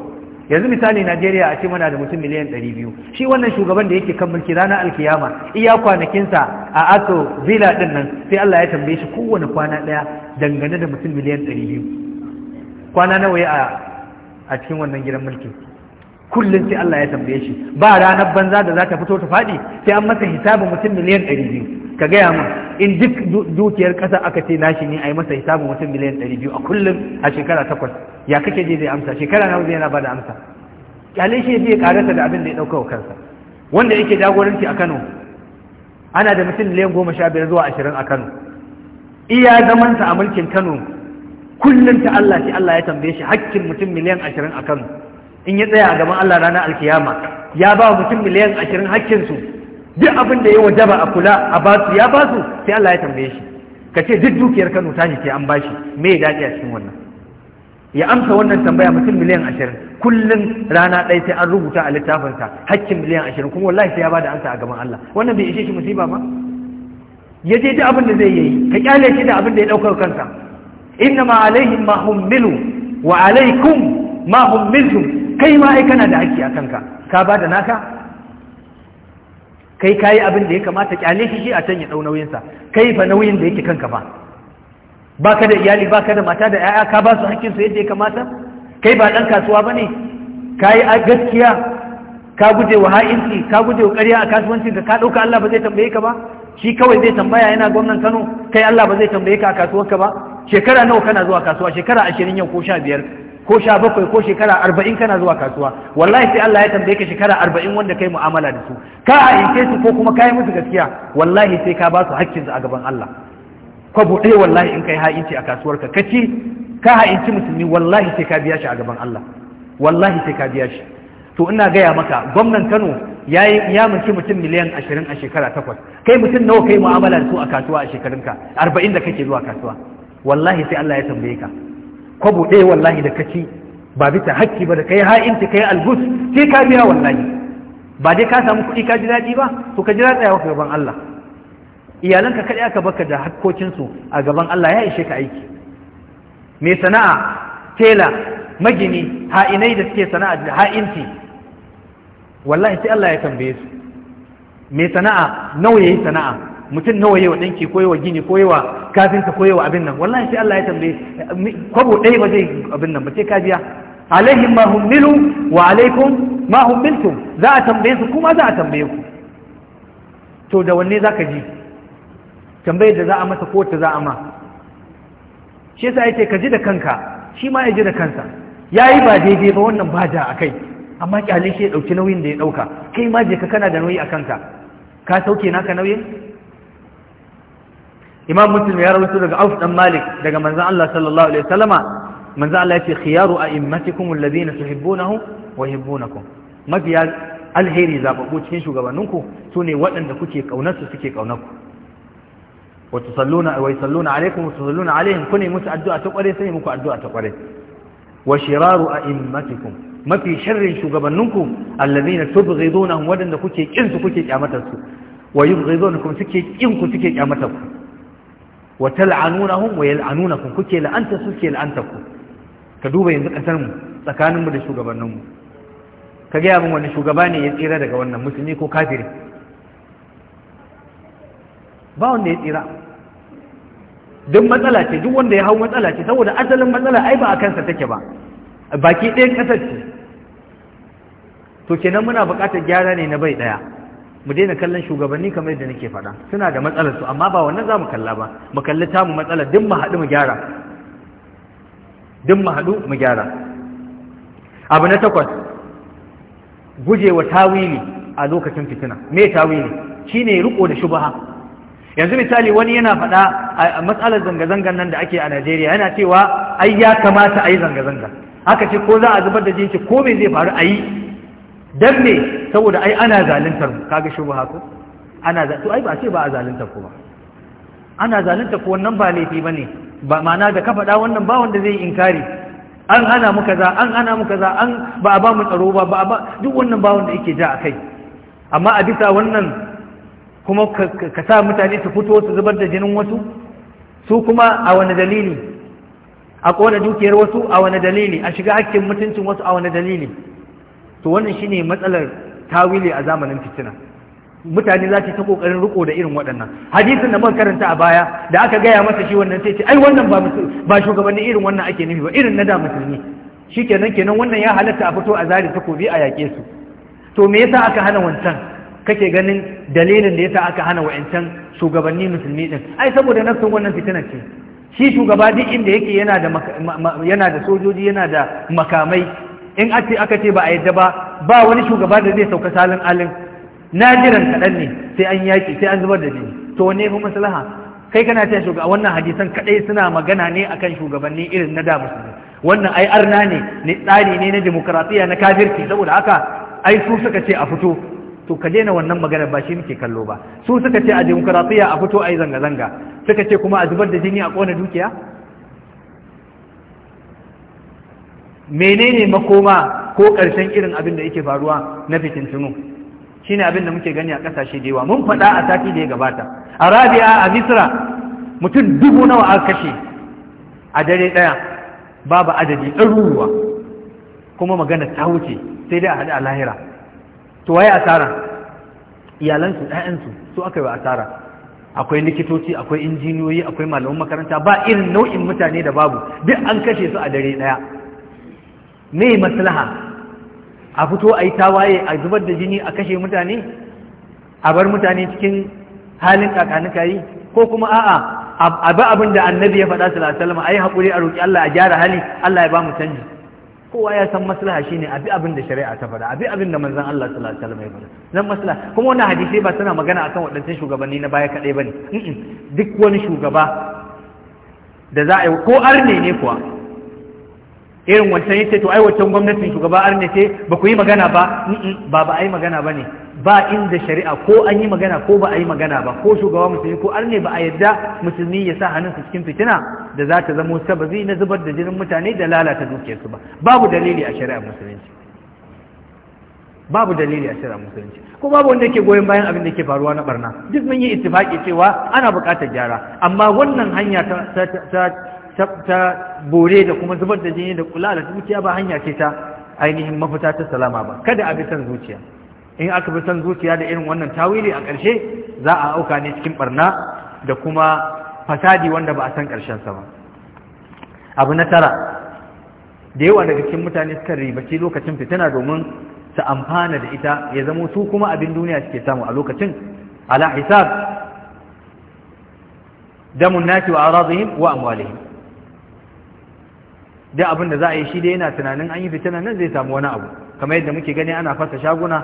yanzu misali najeriya a ce mana da mutum miliyan 200 shi wannan shugaban da yake kan mulki ranar alkiyama iya kwanakinsa a ato villa din nan sai allah ya tambaye shi kowane kwana ɗaya dangane da mutum miliyan 200 kwana nawa ya a cikin wannan gidan mulki kullum sai allah ya tambaye shi ba ranar banza da za ta fito ta faɗi sai an masa hisabin mutum miliyan 200 ka gaya min in duk dukiyar ƙasa aka ce nashi ne a yi masa hisabin mutum miliyan 200 biyu a kullum a shekara takwas ya kake je zai amsa shekara na zai yana ba da amsa kyale shi zai karasa da abin da ya ɗauka wa kansa wanda yake jagoranci a Kano ana da mutum miliyan goma sha biyar zuwa ashirin a Kano iya zamansa a mulkin Kano kullum ta Allah shi Allah ya tambaye shi hakkin mutum miliyan ashirin a Kano in ya tsaya a gaban Allah ranar alkiyama ya ba mutum miliyan ashirin hakkinsu duk abin da ya wajaba a kula a basu ya basu sai Allah ya tambaye shi ka ce duk dukiyar Kano ta tashi sai an bashi me ya dace a cikin wannan ya amsa wannan tambaya mutum miliyan ashirin kullum rana ɗaya sai an rubuta a sa hakkin miliyan ashirin kuma wallahi sai ya bada ansa a gaban Allah wannan bai ishe shi musiba ba ya je duk abin da zai yi ka kyale shi da abin da ya ɗaukar kansa inna ma alaihim ma hummilu wa alaikum ma kai ma ai kana da haƙƙi a kanka ka bada naka kai kayi abin da ya kamata kyale shi shi a can ya dau nauyinsa kai fa nauyin da yake kanka ba baka da iyali baka da mata da yaya ka ba su hakkin su yadda ya kamata kai ba dan kasuwa bane kayi gaskiya ka guje wa ha'inci ka guje wa ƙarya a kasuwancin ka ɗauka Allah ba zai tambaye ka ba shi kawai zai tambaya yana gwamnan Kano kai Allah ba zai tambaye ka a kasuwarka ba shekara nawa kana zuwa kasuwa shekara ashirin yau ko sha biyar? ko sha bakwai ko shekara arba'in kana zuwa kasuwa wallahi sai Allah ya tambaye ka shekara arba'in wanda kai mu'amala da su ka a su ko kuma ka yi musu gaskiya wallahi sai ka ba su hakkinsu a gaban Allah kwabo buɗe wallahi in kai ha'inci a kasuwarka ka ci ka ha'inci musulmi wallahi sai ka biya shi a gaban Allah wallahi sai ka biya shi to ina gaya maka gwamnan Kano ya ya mutum miliyan ashirin a shekara takwas kai mutum nawa kai mu'amala da su a kasuwa a shekarunka arba'in da kake zuwa kasuwa wallahi sai Allah ya tambaye ka kwabo ɗaya wallahi da kaci ba bisa hakki ba da kai ha'inci kai algus sai ka biya wallahi ba dai ka samu kuɗi ka ji daɗi ba to ka ji daɗi a gaban Allah iyalanka kaɗai aka baka da hakkokinsu a gaban Allah ya ishe ka aiki mai sana'a tela magini ha'inai da suke sana'a da ha'inci wallahi sai Allah ya tambaye su mai sana'a nawa yayi sana'a mutum nawa yawa ɗinki ko yawa gini ko yawa kafinta ko yawa abin nan wallahi sai Allah ya tambaye kwabo ɗaya ba zai abin nan ba sai ka biya alaihim ma hummilu wa alaikum ma hummiltum za a tambaye su kuma za a tambaye ku to da wanne za ka ji tambayar da za a masa ko ta za a ma shi yasa yake ka ji da kanka shi ma ya ji da kansa Ya yi ba daidai ba wannan ba da kai. amma kyalin shi ya ɗauki nauyin da ya ɗauka. kai ma je ka kana da nauyi a kanka ka sauke naka nauyin imam muslim ya rawaito daga auf dan malik daga manzon Allah sallallahu alaihi wasallama manzon Allah yace khiyaru a'immatikum alladhina tuhibbunahu wa yuhibbunakum mafiya alheri zababu cikin shugabanninku sune waɗanda kuke kaunarsu suke kaunarku wa tusalluna wa yusalluna alaikum wa tusalluna alaihim kune musu addu'a ta kware sai muku addu'a ta kware wa shiraru a'immatikum mafi sharrin shugabanninku alladhina tubghidunahum waɗanda kuke kin su kuke kyamatar su wa yubghidunakum suke kin ku suke kyamatar ku wa tal'anunahum wa yal'anunakum kuke la'anta su ke la'anta ku ka duba yanzu kasar mu tsakaninmu da shugabanninmu ka ga min wani shugaba ne ya tsira daga wannan musulmi ko kafiri ba wanda ya tsira duk matsala ce duk wanda ya hau matsala ce saboda asalin matsala ai ba a kansa take ba baki ɗayan ƙasar ce to kenan muna buƙatar gyara ne na bai ɗaya mu daina kallon shugabanni kamar yadda nake faɗa suna da matsalar su amma ba wannan za mu kalla ba mu kalli ta mu matsalar duk mu haɗu mu gyara duk mu haɗu mu gyara abu na takwas gujewa tawili a lokacin fitina me tawili shine riko da shubaha yanzu misali wani yana faɗa a matsalar zanga-zangan nan da ake a Najeriya yana cewa ai ya kamata a yi zanga-zanga haka ce ko za a zubar da jinki ko me zai faru a dan me saboda ai ana zaluntar mu shi ba ko ana to ai ba ce ba a zaluntar ku ba ana zalunta ku wannan ba laifi bane ba ma'ana da ka faɗa wannan ba wanda zai inkari an hana muka za, an hana muka za, an ba a ba mu tsaro ba ba duk wannan ba wanda yake ja a kai. amma a bisa wannan kuma ka sa mutane su fito su zubar da jinin wasu su kuma a wani dalili a kona dukiyar wasu a wani dalili a shiga hakkin mutuncin wasu a wani dalili to wannan shine matsalar tawili a zamanin fitina mutane za su ta kokarin riko da irin waɗannan hadisin da muka karanta a baya da aka gaya masa shi wannan sai ce ai wannan ba ba shugabanni irin wannan ake nufi ba irin na da musulmi shikenan kenan wannan ya halatta a fito a zari takobi a yake su to me yasa aka hana wancan kake ganin dalilin da yasa aka hana wa'ancan shugabanni musulmi din ai saboda nafsin wannan fitina ce shi shugaba duk inda yake yana da yana da sojoji yana da makamai in a ce aka ce ba a yadda ba ba wani shugaba da zai sauka salin alin jiran kaɗan ne sai an yaƙi sai an zubar da jini to wani yafi maslaha kai kana ce shugaba wannan hadisan kaɗai suna magana ne akan shugabanni irin na da musulmi wannan ai arna ne ne tsari ne na demokaratiya na kafirci saboda haka ai su suka ce a fito to ka daina wannan magana ba shi muke kallo ba su suka ce a demokaratiya a fito ai zanga-zanga suka ce kuma a zubar da jini a kona dukiya menene makoma ko ƙarshen irin abin da yake faruwa na Shi ne abin da muke gani a ƙasashe da yawa mun faɗa a sati da ya gabata a rabia a misra mutum dubu nawa aka kashe a dare ɗaya babu adadi ɗaruruwa kuma magana ta wuce sai dai a haɗu a lahira to waye asara iyalansu ɗayansu su aka yi wa asara akwai likitoci akwai injiniyoyi akwai malaman makaranta ba irin nau'in mutane da babu duk an kashe su a dare ɗaya me maslaha a fito a yi tawaye a zubar da jini a kashe mutane a bar mutane cikin halin kakanuka yi ko kuma a'a a ba abin da annabi ya faɗa sallallahu alaihi wasallam ayi hakuri a roki Allah a gyara hali Allah ya ba mu canji kowa ya san maslaha shine abi abin da shari'a ta faɗa abi abin da manzon Allah sallallahu alaihi wasallam ya faɗa nan maslaha kuma wannan hadisi ba suna magana akan waɗannan shugabanni na baya kaɗai bane duk wani shugaba da za a yi ko arne ne kuwa irin wancan yace to ai wancan gwamnatin shugaba arne ce ba ku yi magana ba ba ba ai magana ba ne ba inda shari'a ko an yi magana ko ba a yi magana ba ko shugaba musulmi ko arne ba a yadda musulmi ya sa hannunsa cikin fitina da za ta zamo sabazi na zubar da jinin mutane da lalata dukiyarsu ba babu dalili a shari'a musulunci babu dalili a shari'a musulunci ko babu wanda yake goyon bayan abin da yake faruwa na barna duk mun yi ittifaki cewa ana buƙatar gyara amma wannan hanya ta ta bore da kuma zubar da jini da kula da zuciya ba hanya ce ta ainihin mafita ta salama ba kada a bi san zuciya in aka bi san zuciya da irin wannan tawili a ƙarshe za a auka ne cikin barna da kuma fasadi wanda ba a san ƙarshen sa ba abu na tara da yawa daga cikin mutane suka ribaci lokacin fitina domin su amfana da ita ya zama su kuma abin duniya suke samu a lokacin ala hisab damun nasi wa aradihim wa amwalihim da abin da za a yi shi dai yana tunanin an yi fitina nan zai samu wani abu kamar yadda muke gani ana fasa shaguna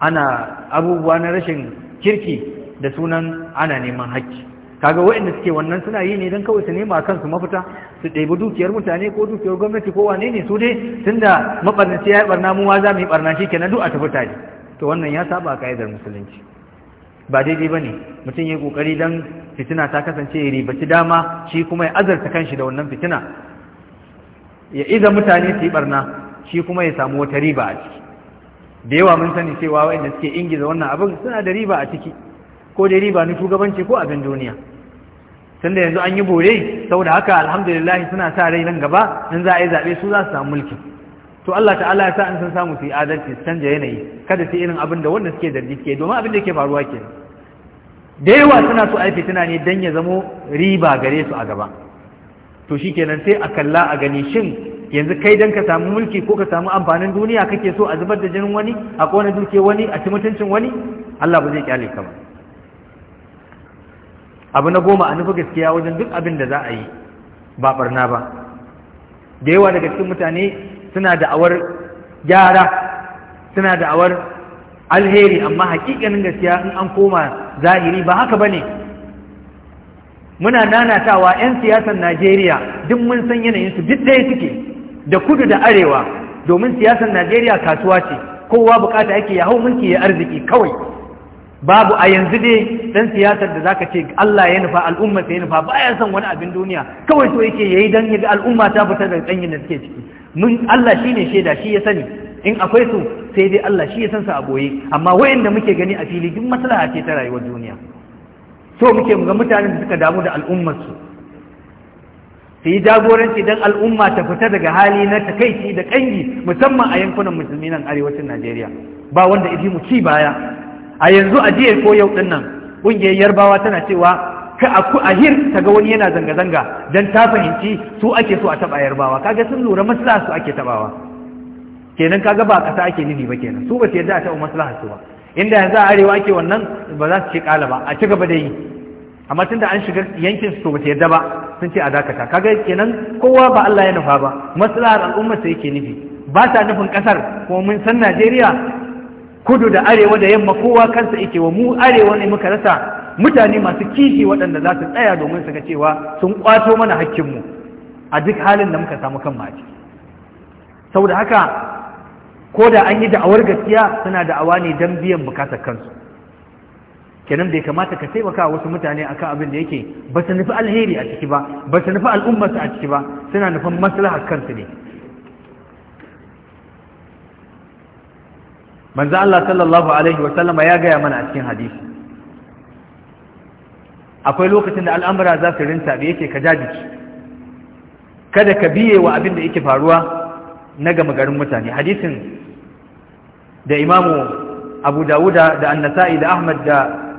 ana abubuwa na rashin kirki da sunan ana neman haƙƙi kaga waɗanda suke wannan suna yi ne don kawai su nema kansu mafita su ɗebi dukiyar mutane ko dukiyar gwamnati ko wane ne su dai tunda mabarnaci ya yi barna muwa za mu yi barna shi kenan duk a tafi tare to wannan ya saba a ka'idar musulunci ba daidai ba ne mutum ya yi ƙoƙari don fitina ta kasance ya ribaci dama shi kuma ya azarta kanshi da wannan fitina ya iza mutane su yi barna shi kuma ya samu wata riba a ciki da yawa mun sani cewa wayanda suke ingiza wannan abin suna da riba a ciki ko da riba na shugabanci ko abin duniya tunda yanzu an yi bore saboda haka alhamdulillah suna sa rai nan gaba in za a yi zaɓe su za su samu mulki to Allah ta'ala ya sa an san samu su yi adalci su canja yanayi kada su irin abin da wanda suke zargi suke domin abin da ke faruwa ke. da yawa suna so aiki fitina ne don ya zamo riba gare su a gaba to shi kenan sai a kalla a gani shin yanzu kai don ka samu mulki ko ka samu amfanin duniya kake so a zubar da jinin wani a kone duke wani a ci mutuncin wani Allah ba zai kyale ka ba abu na goma a nufi gaskiya wajen duk abin da za a yi ba barna ba da yawa daga cikin mutane suna da'awar gyara suna da'awar alheri amma hakikanin gaskiya in an koma zahiri ba haka bane muna nanatawa 'yan siyasar najeriya duk mun san yanayin su duk dai suke da kudu da arewa domin siyasar najeriya kasuwa ce kowa bukata yake ya hau mulki ya arziki kawai babu a yanzu dai dan siyasar da zaka ce Allah ya nufa al'umma sai nufa baya son wani abin duniya kawai so yake yayi dan yaga al'umma ta fita daga tsanyin da suke ciki mun Allah shine shaida, shi ya sani in akwai su sai dai Allah shi ya san su a boye amma wayanda muke gani a fili duk maslaha ce ta rayuwar duniya so muke ga mutanen da suka damu da al'ummarsu su yi jagoranci don al'umma ta fita daga hali na takaici da kangi musamman a yankunan musulmi nan arewacin najeriya ba wanda ifi mu ci baya a yanzu a jiya ko yau din nan ƙungiyar yarbawa tana cewa ka aku ahir ta ga wani yana zanga-zanga don ta fahimci su ake so a taɓa yarbawa kaga sun lura maslaha su ake taɓawa kenan kaga ba ƙasa ake nini ba kenan su ba su yarda a taba maslaha su ba inda yanzu a arewa ake wannan ba za su ce kala ba a ci gaba da yi amma tun da an shiga yankin su ba ta yadda ba sun ce a dakata kaga kenan kowa ba Allah ya nufa ba maslahar al'ummar sa yake nufi ba ta nufin kasar ko mun san Najeriya kudu da arewa da yamma kowa kansa yake wa mu arewa ne muka rasa mutane masu kishi waɗanda za su tsaya domin su ga cewa sun kwato mana hakkinmu a duk halin da muka samu kan maki saboda haka ko da an yi da'awar gaskiya suna da'awa ne don biyan bukatar kansu kenan bai kamata ka taimaka wasu mutane akan abin da yake ba su nufi alheri a ciki ba ba su nufi al'ummarsu a ciki ba suna nufin maslahar kansu ne manzo Allah sallallahu alaihi wa sallama ya gaya mana a cikin hadisi akwai lokacin da al'amura za su rinta bi yake ka jaji kada ka biye wa abin da yake faruwa na gama garin mutane hadisin da imamu abu dawuda da annasa'i da ahmad da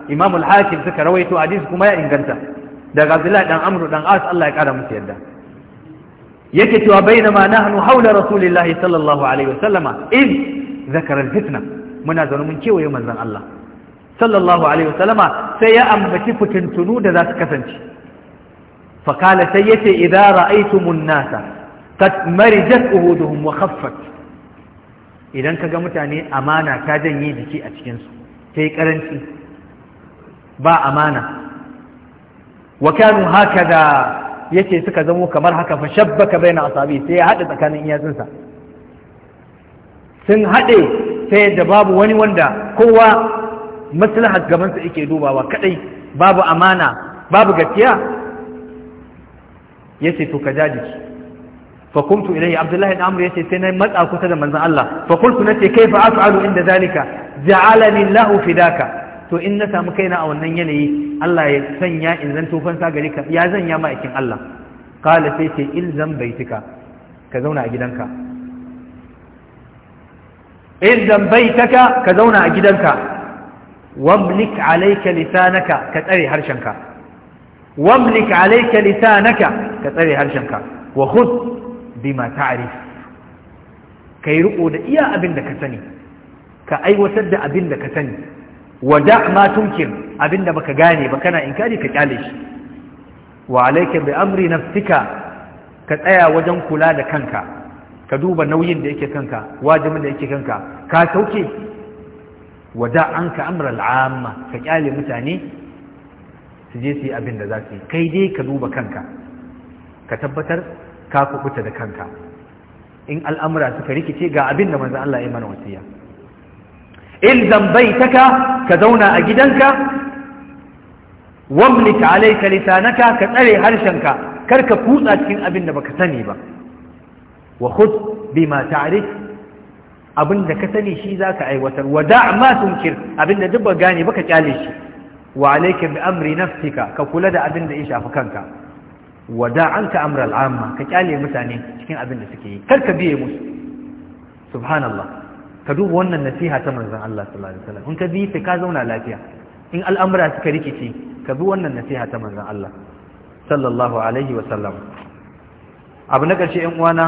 imamul hakim suka rawaito hadisi kuma ya inganta daga abdullahi dan amru dan as Allah ya kara musu yadda yake cewa bainama nahnu haula rasulillahi sallallahu alaihi wasallama iz zakara alfitna muna zaune mun kewaye manzon Allah sallallahu alaihi wasallama sai ya ambaci fitintunu da za su kasance fa sai yace idza ra'aytumun nasa qad marijat uhuduhum wa khaffat idan ka ga mutane amana ta janye jiki a cikinsu ta yi ƙaranci ba amana wa haka da yake suka zamo kamar haka fa shabbaka bai na asabi sai ya haɗa tsakanin iyazinsa sun haɗe sai da babu wani wanda kowa maslahar gabansa yake dubawa kaɗai babu amana babu gaskiya yace to ka ja jiki fa kumtu ya abdullahi ibn amr yace sai na matsa kusa da manzon Allah fa qultu nace kaifa af'alu inda zalika ja'alani Allahu fidaka to in na samu kaina a wannan yanayi Allah ya sanya in zan tofan sa gare ka ya zanya ma ikin Allah qala sai ce ilzam baitika ka zauna a gidanka ilzam baitaka ka zauna a gidanka wamlik alayka lisanaka ka tsare harshenka wamlik alayka lisanaka ka tsare harshenka wa khudh bima ta'rif kai riko da iya abin da ka sani ka aiwatar da abin da ka sani wada ma tunkir abin da baka gane ba kana inkari ka kyale shi wa alayka bi amri nafsika ka tsaya wajen kula da kanka ka duba nauyin da yake kanka wajibin da yake kanka ka sauke wada an ka amra al'amma ka kyale mutane su je su yi abin da za su yi kai dai ka duba kanka ka tabbatar ka kubuta da kanka in al'amura suka rikice ga abin da manzo Allah ya mana wasiya ilzam baitaka ka zauna a gidanka ka alayka naka, ka tsare harshenka kar ka kutsa cikin abin da baka sani ba wa khudh bima ta'rif abin da ka sani shi zaka aiwatar wa da' ma tunkir abin da duk ba gane baka kyale shi wa alaika bi amri nafsika ka kula da abin da ya shafi kanka wada an ka amral amma ka kyale mutane cikin abin da suke yi kar ka biye musu subhanallah ka duba wannan nasiha ta manzon Allah sallallahu alaihi wasallam in ka bi ta ka zauna lafiya in al'amura suka rikice ka bi wannan nasiha ta manzon Allah sallallahu alaihi wasallam abu na ƙarshe ɗan uwana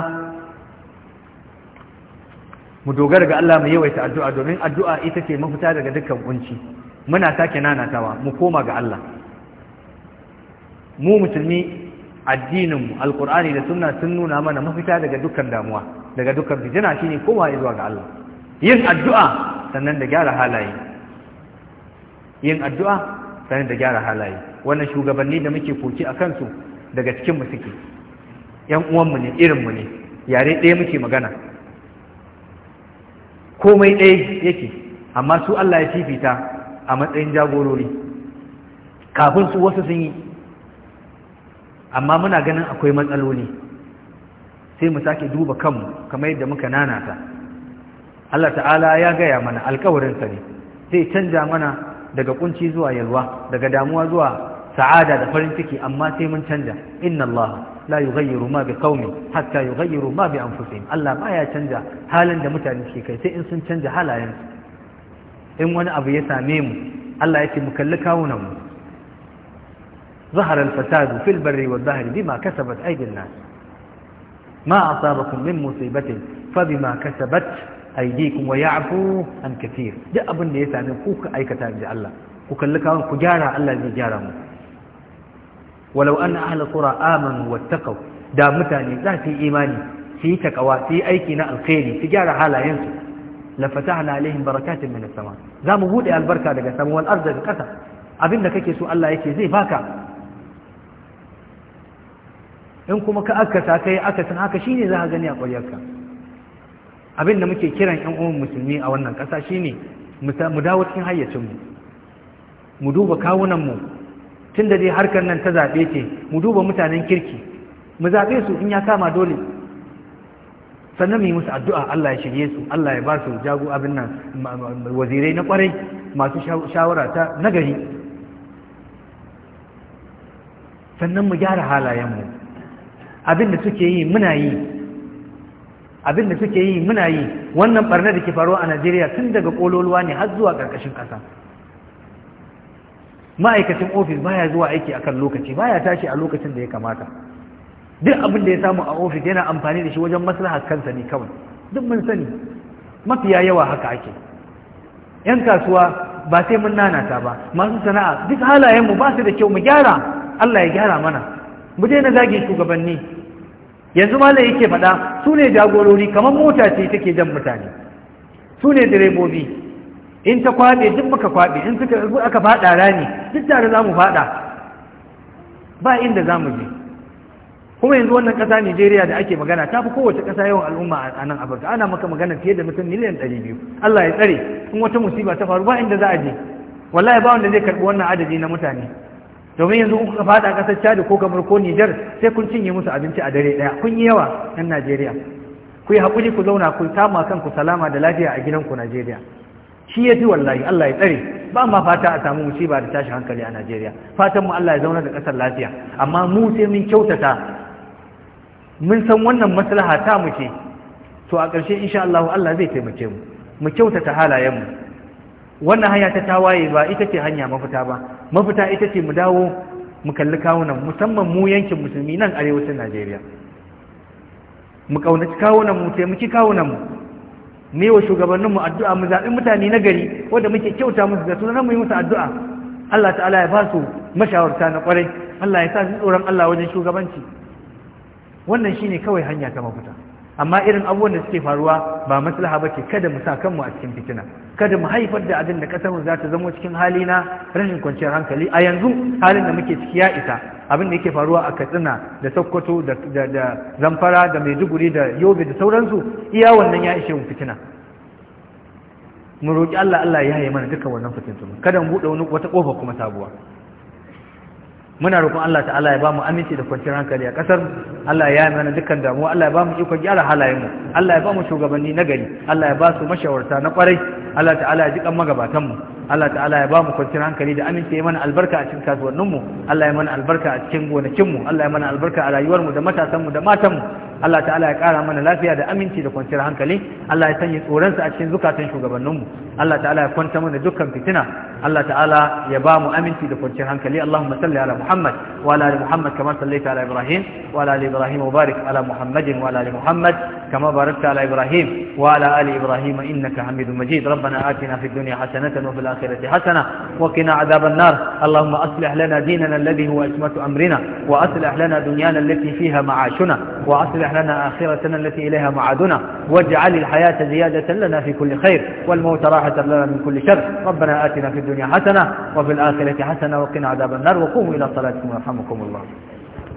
mu dogara ga Allah mu yawaita addu'a domin addu'a ita ce mafita daga dukkan kunci muna sake nanatawa mu koma ga Allah mu musulmi addininmu alkur'ani da sunna sun nuna mana mafita daga dukkan damuwa daga dukkan fitina shine kowa zuwa ga Allah yin addu'a sannan da gyara halaye yin addu'a sannan da gyara halaye wannan shugabanni da muke koki a kansu daga cikin mu suke yan uwanmu ne irin mu ne yare ɗaya muke magana komai ɗaya yake amma su Allah ya fifita a matsayin jagorori kafin su wasu sun yi amma muna ganin akwai matsaloli sai mu sake duba kanmu kamar yadda muka nanata Allah ta'ala ya gaya mana alkawarinsa ne zai canja mana daga kunci zuwa yalwa daga damuwa zuwa sa'ada da farin ciki amma sai mun canja inna Allah la yughayyiru ma bi hatta yughayyiru ma bi anfusihim Allah ya canja halin da mutane suke kai sai in sun canja halayensu in wani abu ya same mu Allah ya ce mu kalli kawunan mu ظهر الفساد في البر والبحر بما كسبت أيدي الناس ما أصابكم من مصيبة فبما كسبت أيديكم ويعفو عن كثير جاء أبن ليس أن يقوك أي كتاب جاء الله وكلك كجارة الله دي ولو أن أهل القرى آمنوا واتقوا دامتاني لا في إيماني في تقوى في أيكنا الخير في جارة حالا ينسوا لفتحنا عليهم بركات من السماء زامو بودي البركة لك سموا الأرض لك أبن لك يسوء الله يكي زي فاكا in kuma ka aka ka kai aka haka shine za ka gani a ƙwaryarka abin da muke kiran 'yan uwan musulmi a wannan ƙasa shine mu dawo cikin hayyacinmu, mu duba kawunanmu tun da dai harkar nan ta zaɓe ce mu duba mutanen kirki mu zaɓe su in ya kama dole sannan mu yi musu addu'a Allah ya shirye su Allah ya ba su jago abin nan wazirai na kwarai masu shawara ta nagari sannan mu gyara halayenmu abin da suke yi muna yi abin da suke yi muna yi wannan barna da ke faruwa a najeriya tun daga kololuwa ne har zuwa karkashin kasa ma'aikacin ofis baya zuwa aiki akan lokaci baya tashi a lokacin da ya kamata duk abin da ya samu a ofis yana amfani da shi wajen maslahar kansa ne kawai duk mun sani mafiya yawa haka ake yan kasuwa ba sai mun nanata ba masu sana'a duk halayenmu ba su da kyau mu gyara Allah ya gyara mana mu daina zage shugabanni yanzu malam yake faɗa su ne jagorori kamar mota ce take jan mutane su ne direbobi in ta kwaɓe duk muka kwaɓe in suka aka faɗa rani duk tare za mu faɗa ba inda za mu je kuma yanzu wannan ƙasa Nijeriya da ake magana ta fi kowace ƙasa yawan al'umma a nan Afirka ana maka magana fiye da mutum miliyan ɗari biyu Allah ya tsare in wata musiba ta faru ba inda za a je wallahi ba wanda zai karɓi wannan adadi na mutane domin yanzu kuka fada kasar Chad ko kamar ko Nijar, sai kun cinye musu abinci a dare daya kun yi yawa yan Najeriya ku yi hakuri ku zauna ku kama kanku salama da lafiya a gidanku Najeriya shi ya fi wallahi Allah ya tsare ba ma fata a samu musiba da tashi hankali a Najeriya fatan mu Allah ya zauna da kasar lafiya amma mu sai mun kyautata mun san wannan maslaha ta mu ce to a ƙarshe insha Allah Allah zai taimake mu mu kyautata halayen mu wannan hanya ta tawaye ba ita ce hanya mafita ba mafita ita ce mu dawo mu kalli kawunan musamman mu yankin musulmi nan arewacin najeriya mu kaunaci kawunan mu taimaki kawunan mu mu yi wa shugabannin mu addu'a mu zaɓi mutane na gari wanda muke kyauta musu da sunan mu yi musu addu'a Allah ta'ala ya ba su mashawarta na kwarai Allah ya sa su tsoron Allah wajen shugabanci wannan shine kawai hanya ta mafita amma irin abubuwan da suke faruwa ba maslaha ba ce kada mu sa kanmu a cikin fitina kada mu haifar da abin da kasar za ta zama cikin hali na rashin kwanciyar hankali a yanzu halin da muke ciki ya isa abin da yake faruwa a katsina da sokoto da zamfara da maiduguri da yobe da sauransu iya wannan ya ishe mu fitina mu roƙi allah allah ya yi mana duka wannan fitintunu kada mu buɗe wata kofa kuma sabuwa muna roƙon Allah ta'ala ya bamu aminci da kwanciyar hankali a ƙasar Allah ya yi mana dukkan damuwa Allah ya bamu iko ikon gyara halayenmu Allah ya bamu shugabanni na gari Allah ya ba su mashawarta na kwarai. Allah ta'ala ya ji kan magabatanmu Allah ta'ala ya bamu kwanciyar hankali da aminci ya mana albarka a cikin kasuwanninmu Allah ya mana albarka a cikin gonakinmu Allah ya mana albarka a rayuwarmu da matasanmu da matanmu Allah ta'ala ya kara mana lafiya da aminci da kwanciyar hankali Allah ya sanya tsoronsa a cikin zukatan shugabanninmu Allah ta'ala ya kwanta mana dukkan fitina Allah ta'ala ya ba mu aminci da kwanciyar hankali Allahumma salli ala Muhammad wa ala ali Muhammad kama sallaita ala Ibrahim wa ala ali Ibrahim wa barik ala muhammad wa ala ali Muhammad kama barakta ala Ibrahim wa ala ali Ibrahim innaka Hamidum Majid ربنا آتنا في الدنيا حسنة وفي الآخرة حسنة وقنا عذاب النار اللهم أصلح لنا ديننا الذي هو عصمة أمرنا وأصلح لنا دنيانا التي فيها معاشنا وأصلح واصلح لنا آخرتنا التي إليها معادنا واجعل الحياة زيادة لنا في كل خير والموت راحة لنا من كل شر ربنا آتنا في الدنيا حسنة وفي الآخرة حسنة وقنا عذاب النار وقوموا إلى صلاتكم ورحمكم الله